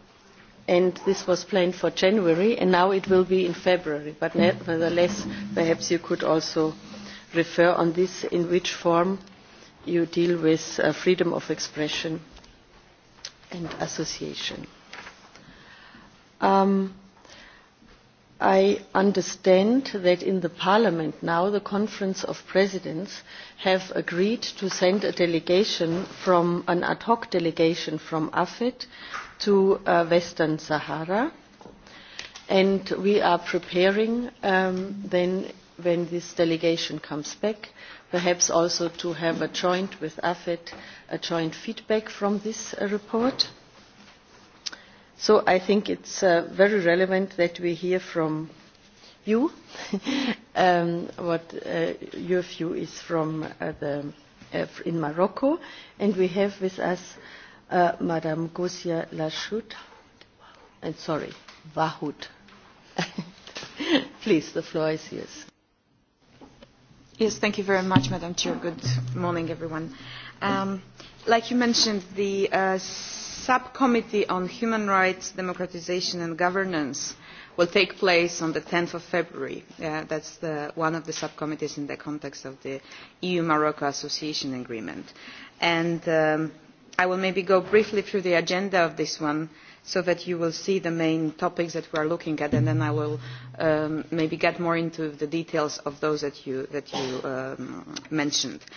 and this was planned for January and now it will be in February but nevertheless perhaps you could also refer on this in which form you deal with uh, freedom of expression and association. Um, I understand that in the Parliament now the Conference of Presidents have agreed to send a delegation from an ad hoc delegation from AFET to uh, Western Sahara and we are preparing um, then when this delegation comes back perhaps also to have a joint with AFET a joint feedback from this uh, report So I think it's uh, very relevant that we hear from you um, what uh, your view is from uh, the, uh, in Morocco. And we have with us uh, Madame Gosia Lashut And sorry, Wahud. Please, the floor is yours. Yes, thank you very much, Madam Chair. Good morning, everyone. Um, like you mentioned, the uh, subcommittee on human rights, democratization and governance will take place on the 10th of February. Uh, that's the, one of the subcommittees in the context of the EU-Morocco Association Agreement. And um, I will maybe go briefly through the agenda of this one so that you will see the main topics that we are looking at and then I will um, maybe get more into the details of those that you, that you um, mentioned. Uh,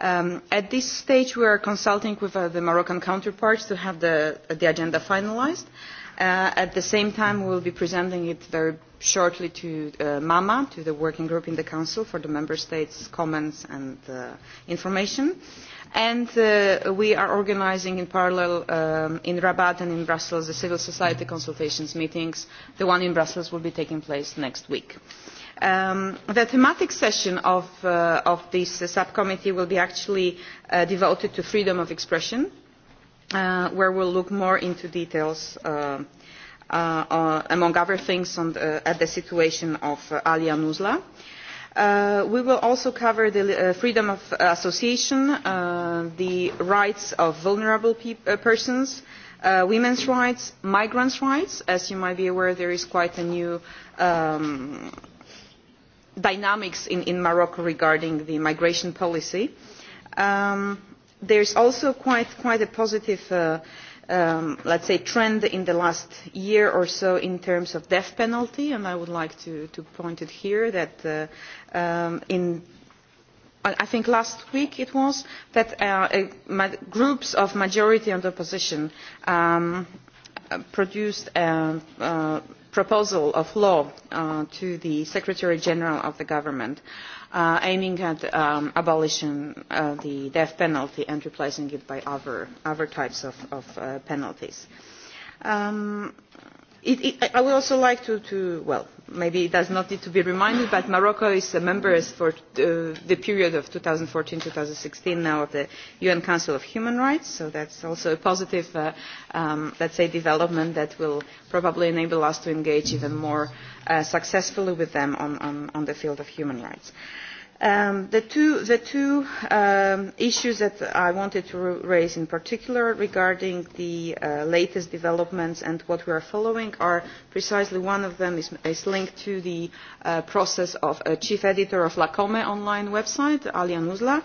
Um, at this stage, we are consulting with uh, the Moroccan counterparts to have the, the agenda finalized. Uh, at the same time, we will be presenting it very shortly to uh, MAMA, to the working group in the Council for the Member States' comments and uh, information. And uh, we are organizing in parallel um, in Rabat and in Brussels the civil society consultations meetings. The one in Brussels will be taking place next week. Um, the thematic session of, uh, of this uh, subcommittee will be actually uh, devoted to freedom of expression, uh, where we'll look more into details, uh, uh, uh, among other things, on the, at the situation of uh, Alia Nuzla. Uh, we will also cover the uh, freedom of association, uh, the rights of vulnerable pe uh, persons, uh, women's rights, migrants' rights. As you might be aware, there is quite a new um, dynamics in, in Morocco regarding the migration policy. Um, there's also quite, quite a positive, uh, um, let's say, trend in the last year or so in terms of death penalty, and I would like to, to point it here that uh, um, in I think last week it was, that uh, uh, groups of majority and opposition um, uh, produced uh, uh, proposal of law uh, to the Secretary General of the government uh, aiming at um, abolition of uh, the death penalty and replacing it by other, other types of, of uh, penalties. Um, It, it, I would also like to, to, well, maybe it does not need to be reminded, but Morocco is a member for uh, the period of 2014-2016 now of the UN Council of Human Rights, so that's also a positive, uh, um, let's say, development that will probably enable us to engage even more uh, successfully with them on, on, on the field of human rights. Uh, Um, the two, the two um, issues that I wanted to raise in particular regarding the uh, latest developments and what we are following are precisely one of them is, is linked to the uh, process of a chief editor of Lacome online website, Alian Uzla.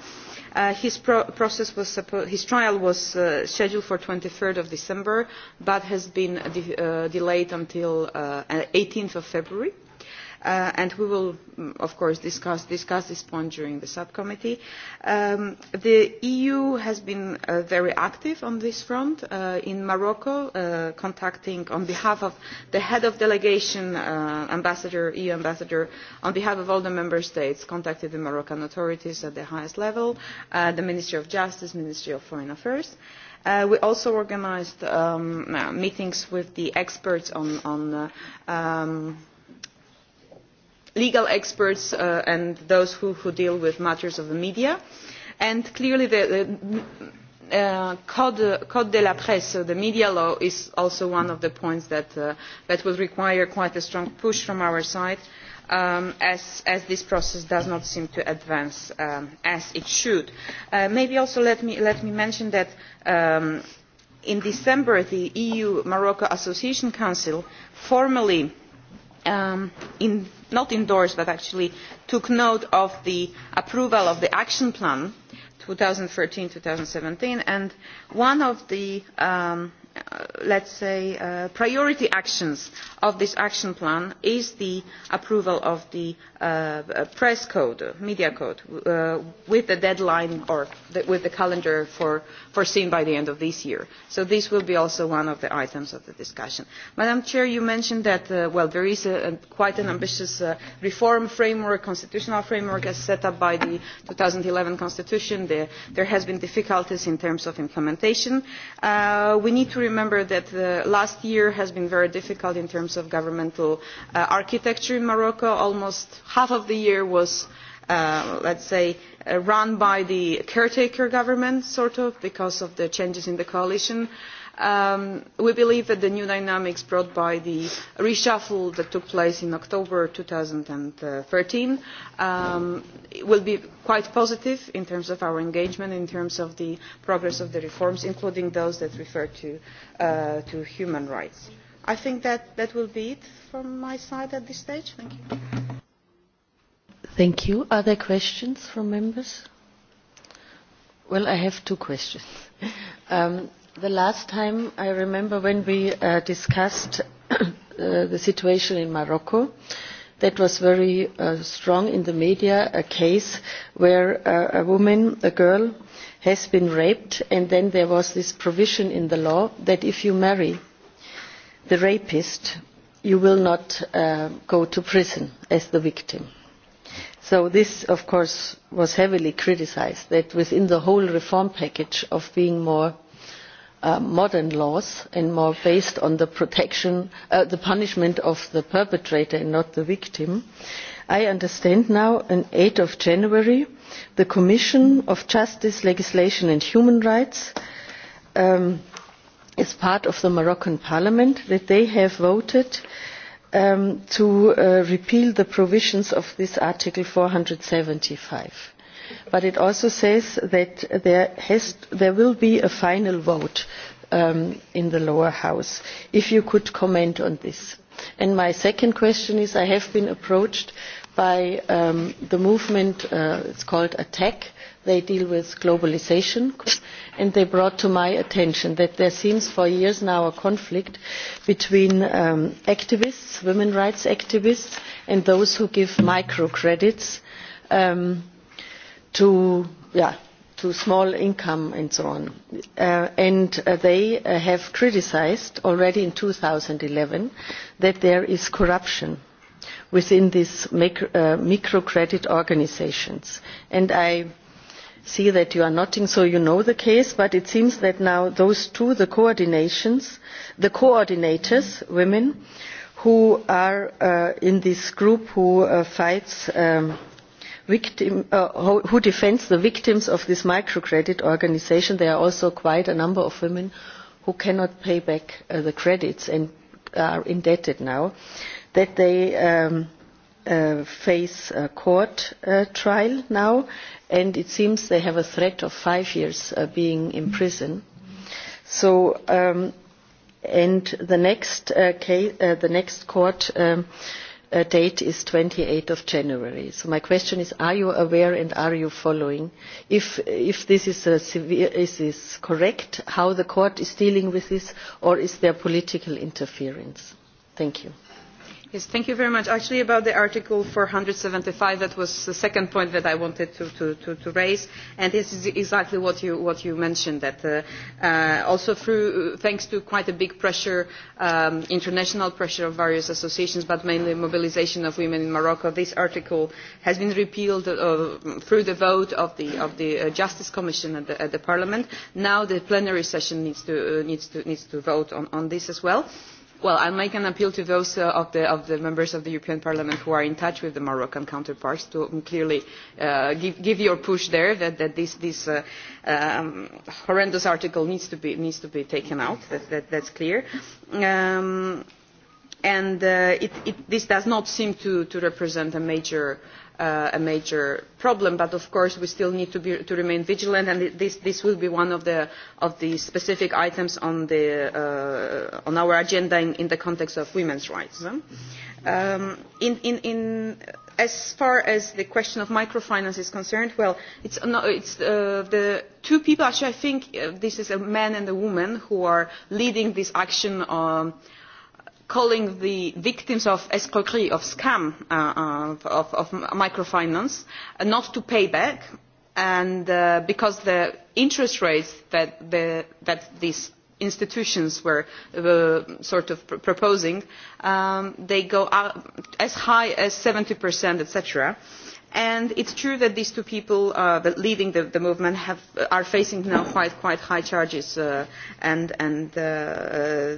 Uh, his, pro process was his trial was uh, scheduled for 23rd of December but has been de uh, delayed until uh, 18th of February uh, and we will, mm, of course, discuss, discuss this point during the subcommittee. Um, the EU has been uh, very active on this front uh, in Morocco, uh, contacting on behalf of the head of delegation, uh, ambassador, EU ambassador, on behalf of all the member states, contacted the Moroccan authorities at the highest level, uh, the Ministry of Justice, Ministry of Foreign Affairs. Uh, we also organized um, uh, meetings with the experts on, on uh, um, legal experts uh, and those who, who deal with matters of the media. And clearly the, the uh, Code, Code de la Presse, so the media law, is also one of the points that, uh, that would require quite a strong push from our side um, as, as this process does not seem to advance um, as it should. Uh, maybe also let me, let me mention that um, in December the EU-Morocco Association Council formally um, in, not endorsed but actually took note of the approval of the action plan 2013-2017 and one of the um, Uh, let's say, uh, priority actions of this action plan is the approval of the uh, press code, media code, uh, with the deadline or the, with the calendar for, foreseen by the end of this year. So this will be also one of the items of the discussion. Madam Chair, you mentioned that, uh, well, there is a, a, quite an ambitious uh, reform framework, constitutional framework as set up by the 2011 Constitution. There, there has been difficulties in terms of implementation. Uh, we need to remember remember that the last year has been very difficult in terms of governmental uh, architecture in Morocco. Almost half of the year was, uh, let's say, uh, run by the caretaker government, sort of, because of the changes in the coalition. Uh, Um, we believe that the new dynamics brought by the reshuffle that took place in October 2013 um, will be quite positive in terms of our engagement, in terms of the progress of the reforms, including those that refer to, uh, to human rights. I think that, that will be it from my side at this stage. Thank you. Thank you. Are there questions from members? Well, I have two questions. Um, the last time I remember when we uh, discussed uh, the situation in Morocco, that was very uh, strong in the media, a case where uh, a woman, a girl, has been raped, and then there was this provision in the law that if you marry the rapist, you will not uh, go to prison as the victim. So this, of course, was heavily criticized, that within the whole reform package of being more Uh, modern laws and more based on the protection, uh, the punishment of the perpetrator and not the victim. I understand now, on 8th of January, the Commission of Justice, Legislation and Human Rights um, as part of the Moroccan Parliament that they have voted um, to uh, repeal the provisions of this Article 475 but it also says that there, has, there will be a final vote um, in the lower house. If you could comment on this. And my second question is, I have been approached by um, the movement, uh, it's called ATTACK, they deal with globalization, and they brought to my attention that there seems for years now a conflict between um, activists, women rights activists, and those who give microcredits um, to, yeah, to small income and so on. Uh, and uh, they uh, have criticized already in 2011 that there is corruption within these micro, uh, microcredit organizations. And I see that you are nodding, so you know the case, but it seems that now those two, the coordinations, the coordinators, women, who are uh, in this group who uh, fights um, victim, uh, who defends the victims of this microcredit organization. There are also quite a number of women who cannot pay back uh, the credits and are indebted now, that they um, uh, face a court uh, trial now, and it seems they have a threat of five years uh, being in prison. So, um, and the next, uh, case, uh, the next court um, uh, date is 28th of January. So my question is, are you aware and are you following? If, if this is, a uh, severe, is this correct, how the court is dealing with this, or is there political interference? Thank you. Yes, thank you very much. Actually, about the Article 475, that was the second point that I wanted to, to, to, to raise, and this is exactly what you, what you mentioned, that uh, uh, also through, thanks to quite a big pressure, um, international pressure of various associations, but mainly mobilization of women in Morocco, this article has been repealed uh, through the vote of the, of the uh, Justice Commission at the, at the Parliament. Now the plenary session needs to, uh, needs to, needs to vote on, on this as well. Uh, Well, I make an appeal to those uh, of, the, of the members of the European Parliament who are in touch with the Moroccan counterparts to um, clearly uh, give, give your push there that, that this, this uh, um, horrendous article needs to be, needs to be taken out. That, that, that's clear. Um, and uh, it, it, this does not seem to, to represent a major uh, uh, a major problem, but of course we still need to, be, to remain vigilant and this, this will be one of the, of the specific items on, the, uh, on our agenda in, in the context of women's rights. Um, in, in, in, as far as the question of microfinance is concerned, well, it's, no, it's uh, the two people, actually I think uh, this is a man and a woman who are leading this action on um, calling the victims of escroquerie, of scam, uh, uh, of, of microfinance, uh, not to pay back, and uh, because the interest rates that, the, that these institutions were uh, sort of pr proposing, um, they go up as high as 70%, etc. And it's true that these two people uh, that leading the, the movement have, are facing now quite, quite high charges uh, and, and uh, uh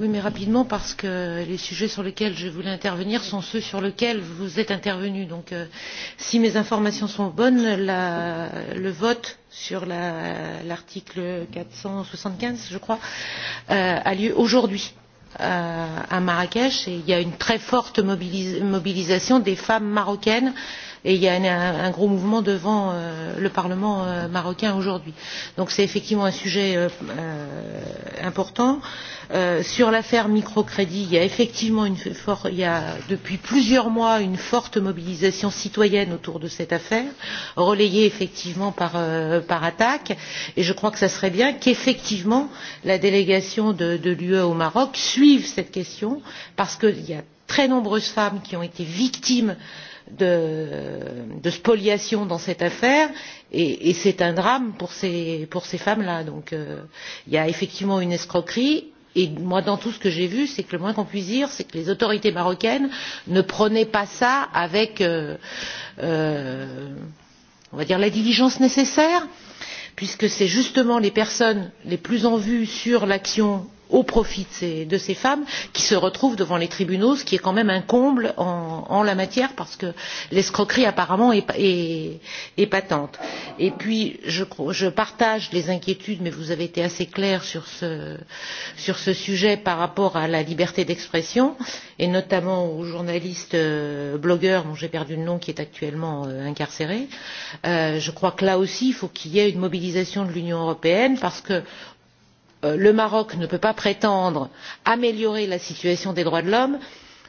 Oui, mais rapidement, parce que les sujets sur lesquels je voulais intervenir sont ceux sur lesquels vous êtes intervenu. Donc, euh, si mes informations sont bonnes, la, le vote sur l'article la, 475, je crois, euh, a lieu aujourd'hui euh, à Marrakech. Et il y a une très forte mobilis mobilisation des femmes marocaines euh, et il y a un, un gros mouvement devant euh, le Parlement euh, marocain aujourd'hui. Donc c'est effectivement un sujet euh, euh, important. Euh, sur l'affaire microcrédit, il y a effectivement une for il y a depuis plusieurs mois une forte mobilisation citoyenne autour de cette affaire, relayée effectivement par, euh, par attaque, et je crois que ça serait bien qu'effectivement la délégation de, de l'UE au Maroc suive cette question, parce qu'il y a très nombreuses femmes qui ont été victimes euh, de, de spoliation dans cette affaire et, et c'est un drame pour ces, pour ces femmes-là. Donc euh, il y a effectivement une escroquerie et moi dans tout ce que j'ai vu, c'est que le moins qu'on puisse dire, c'est que les autorités marocaines ne prenaient pas ça avec, euh, euh, on va dire, la diligence nécessaire puisque c'est justement les personnes les plus en vue sur l'action au profit de ces, de ces femmes qui se retrouvent devant les tribunaux, ce qui est quand même un comble en, en la matière parce que l'escroquerie apparemment est, est, est patente. Et puis, je, je partage les inquiétudes, mais vous avez été assez clair sur ce, sur ce sujet par rapport à la liberté d'expression et notamment aux journalistes euh, blogueurs dont j'ai perdu le nom qui est actuellement euh, incarcéré. Euh, je crois que là aussi, il faut qu'il y ait une mobilisation de l'Union européenne parce que Euh, le Maroc ne peut pas prétendre améliorer la situation des droits de l'homme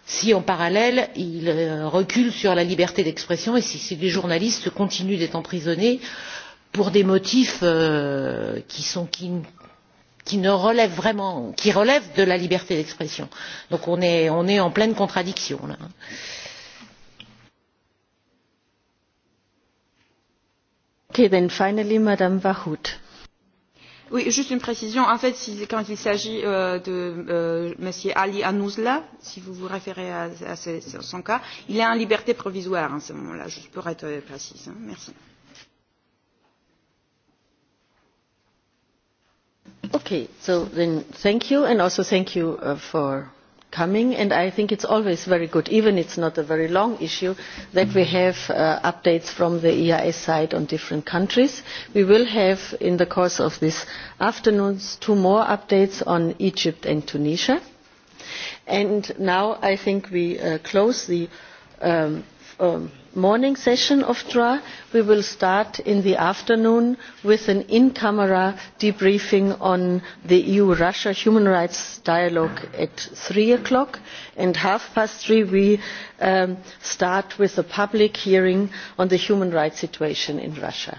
si en parallèle il euh, recule sur la liberté d'expression et si, les journalistes continuent d'être emprisonnés pour des motifs euh, qui, sont, qui, qui ne relèvent vraiment qui relèvent de la liberté d'expression. Donc on est, on est en pleine contradiction là. Okay, then finally, Madame Wahout. Oui, juste une précision. En fait, si, quand il s'agit euh, de euh, M. Ali Anouzla, si vous vous référez à, à ce, à son cas, il est en liberté provisoire en ce moment-là, juste pour être euh, précise. Hein. Merci. Okay, so then thank you and also thank you uh, for coming and I think it's always very good, even if it's not a very long issue, that we mm-hmm. have uh, updates from the EIS side on different countries. We will have in the course of this afternoon two more updates on Egypt and Tunisia. And now I think we uh, close the um, um, morning session of DRA. We will start in the afternoon with an in-camera debriefing on the EU-Russia human rights dialogue at three o'clock and half past three we um, start with a public hearing on the human rights situation in Russia.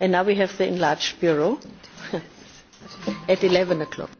And now we have the enlarged bureau at eleven o'clock.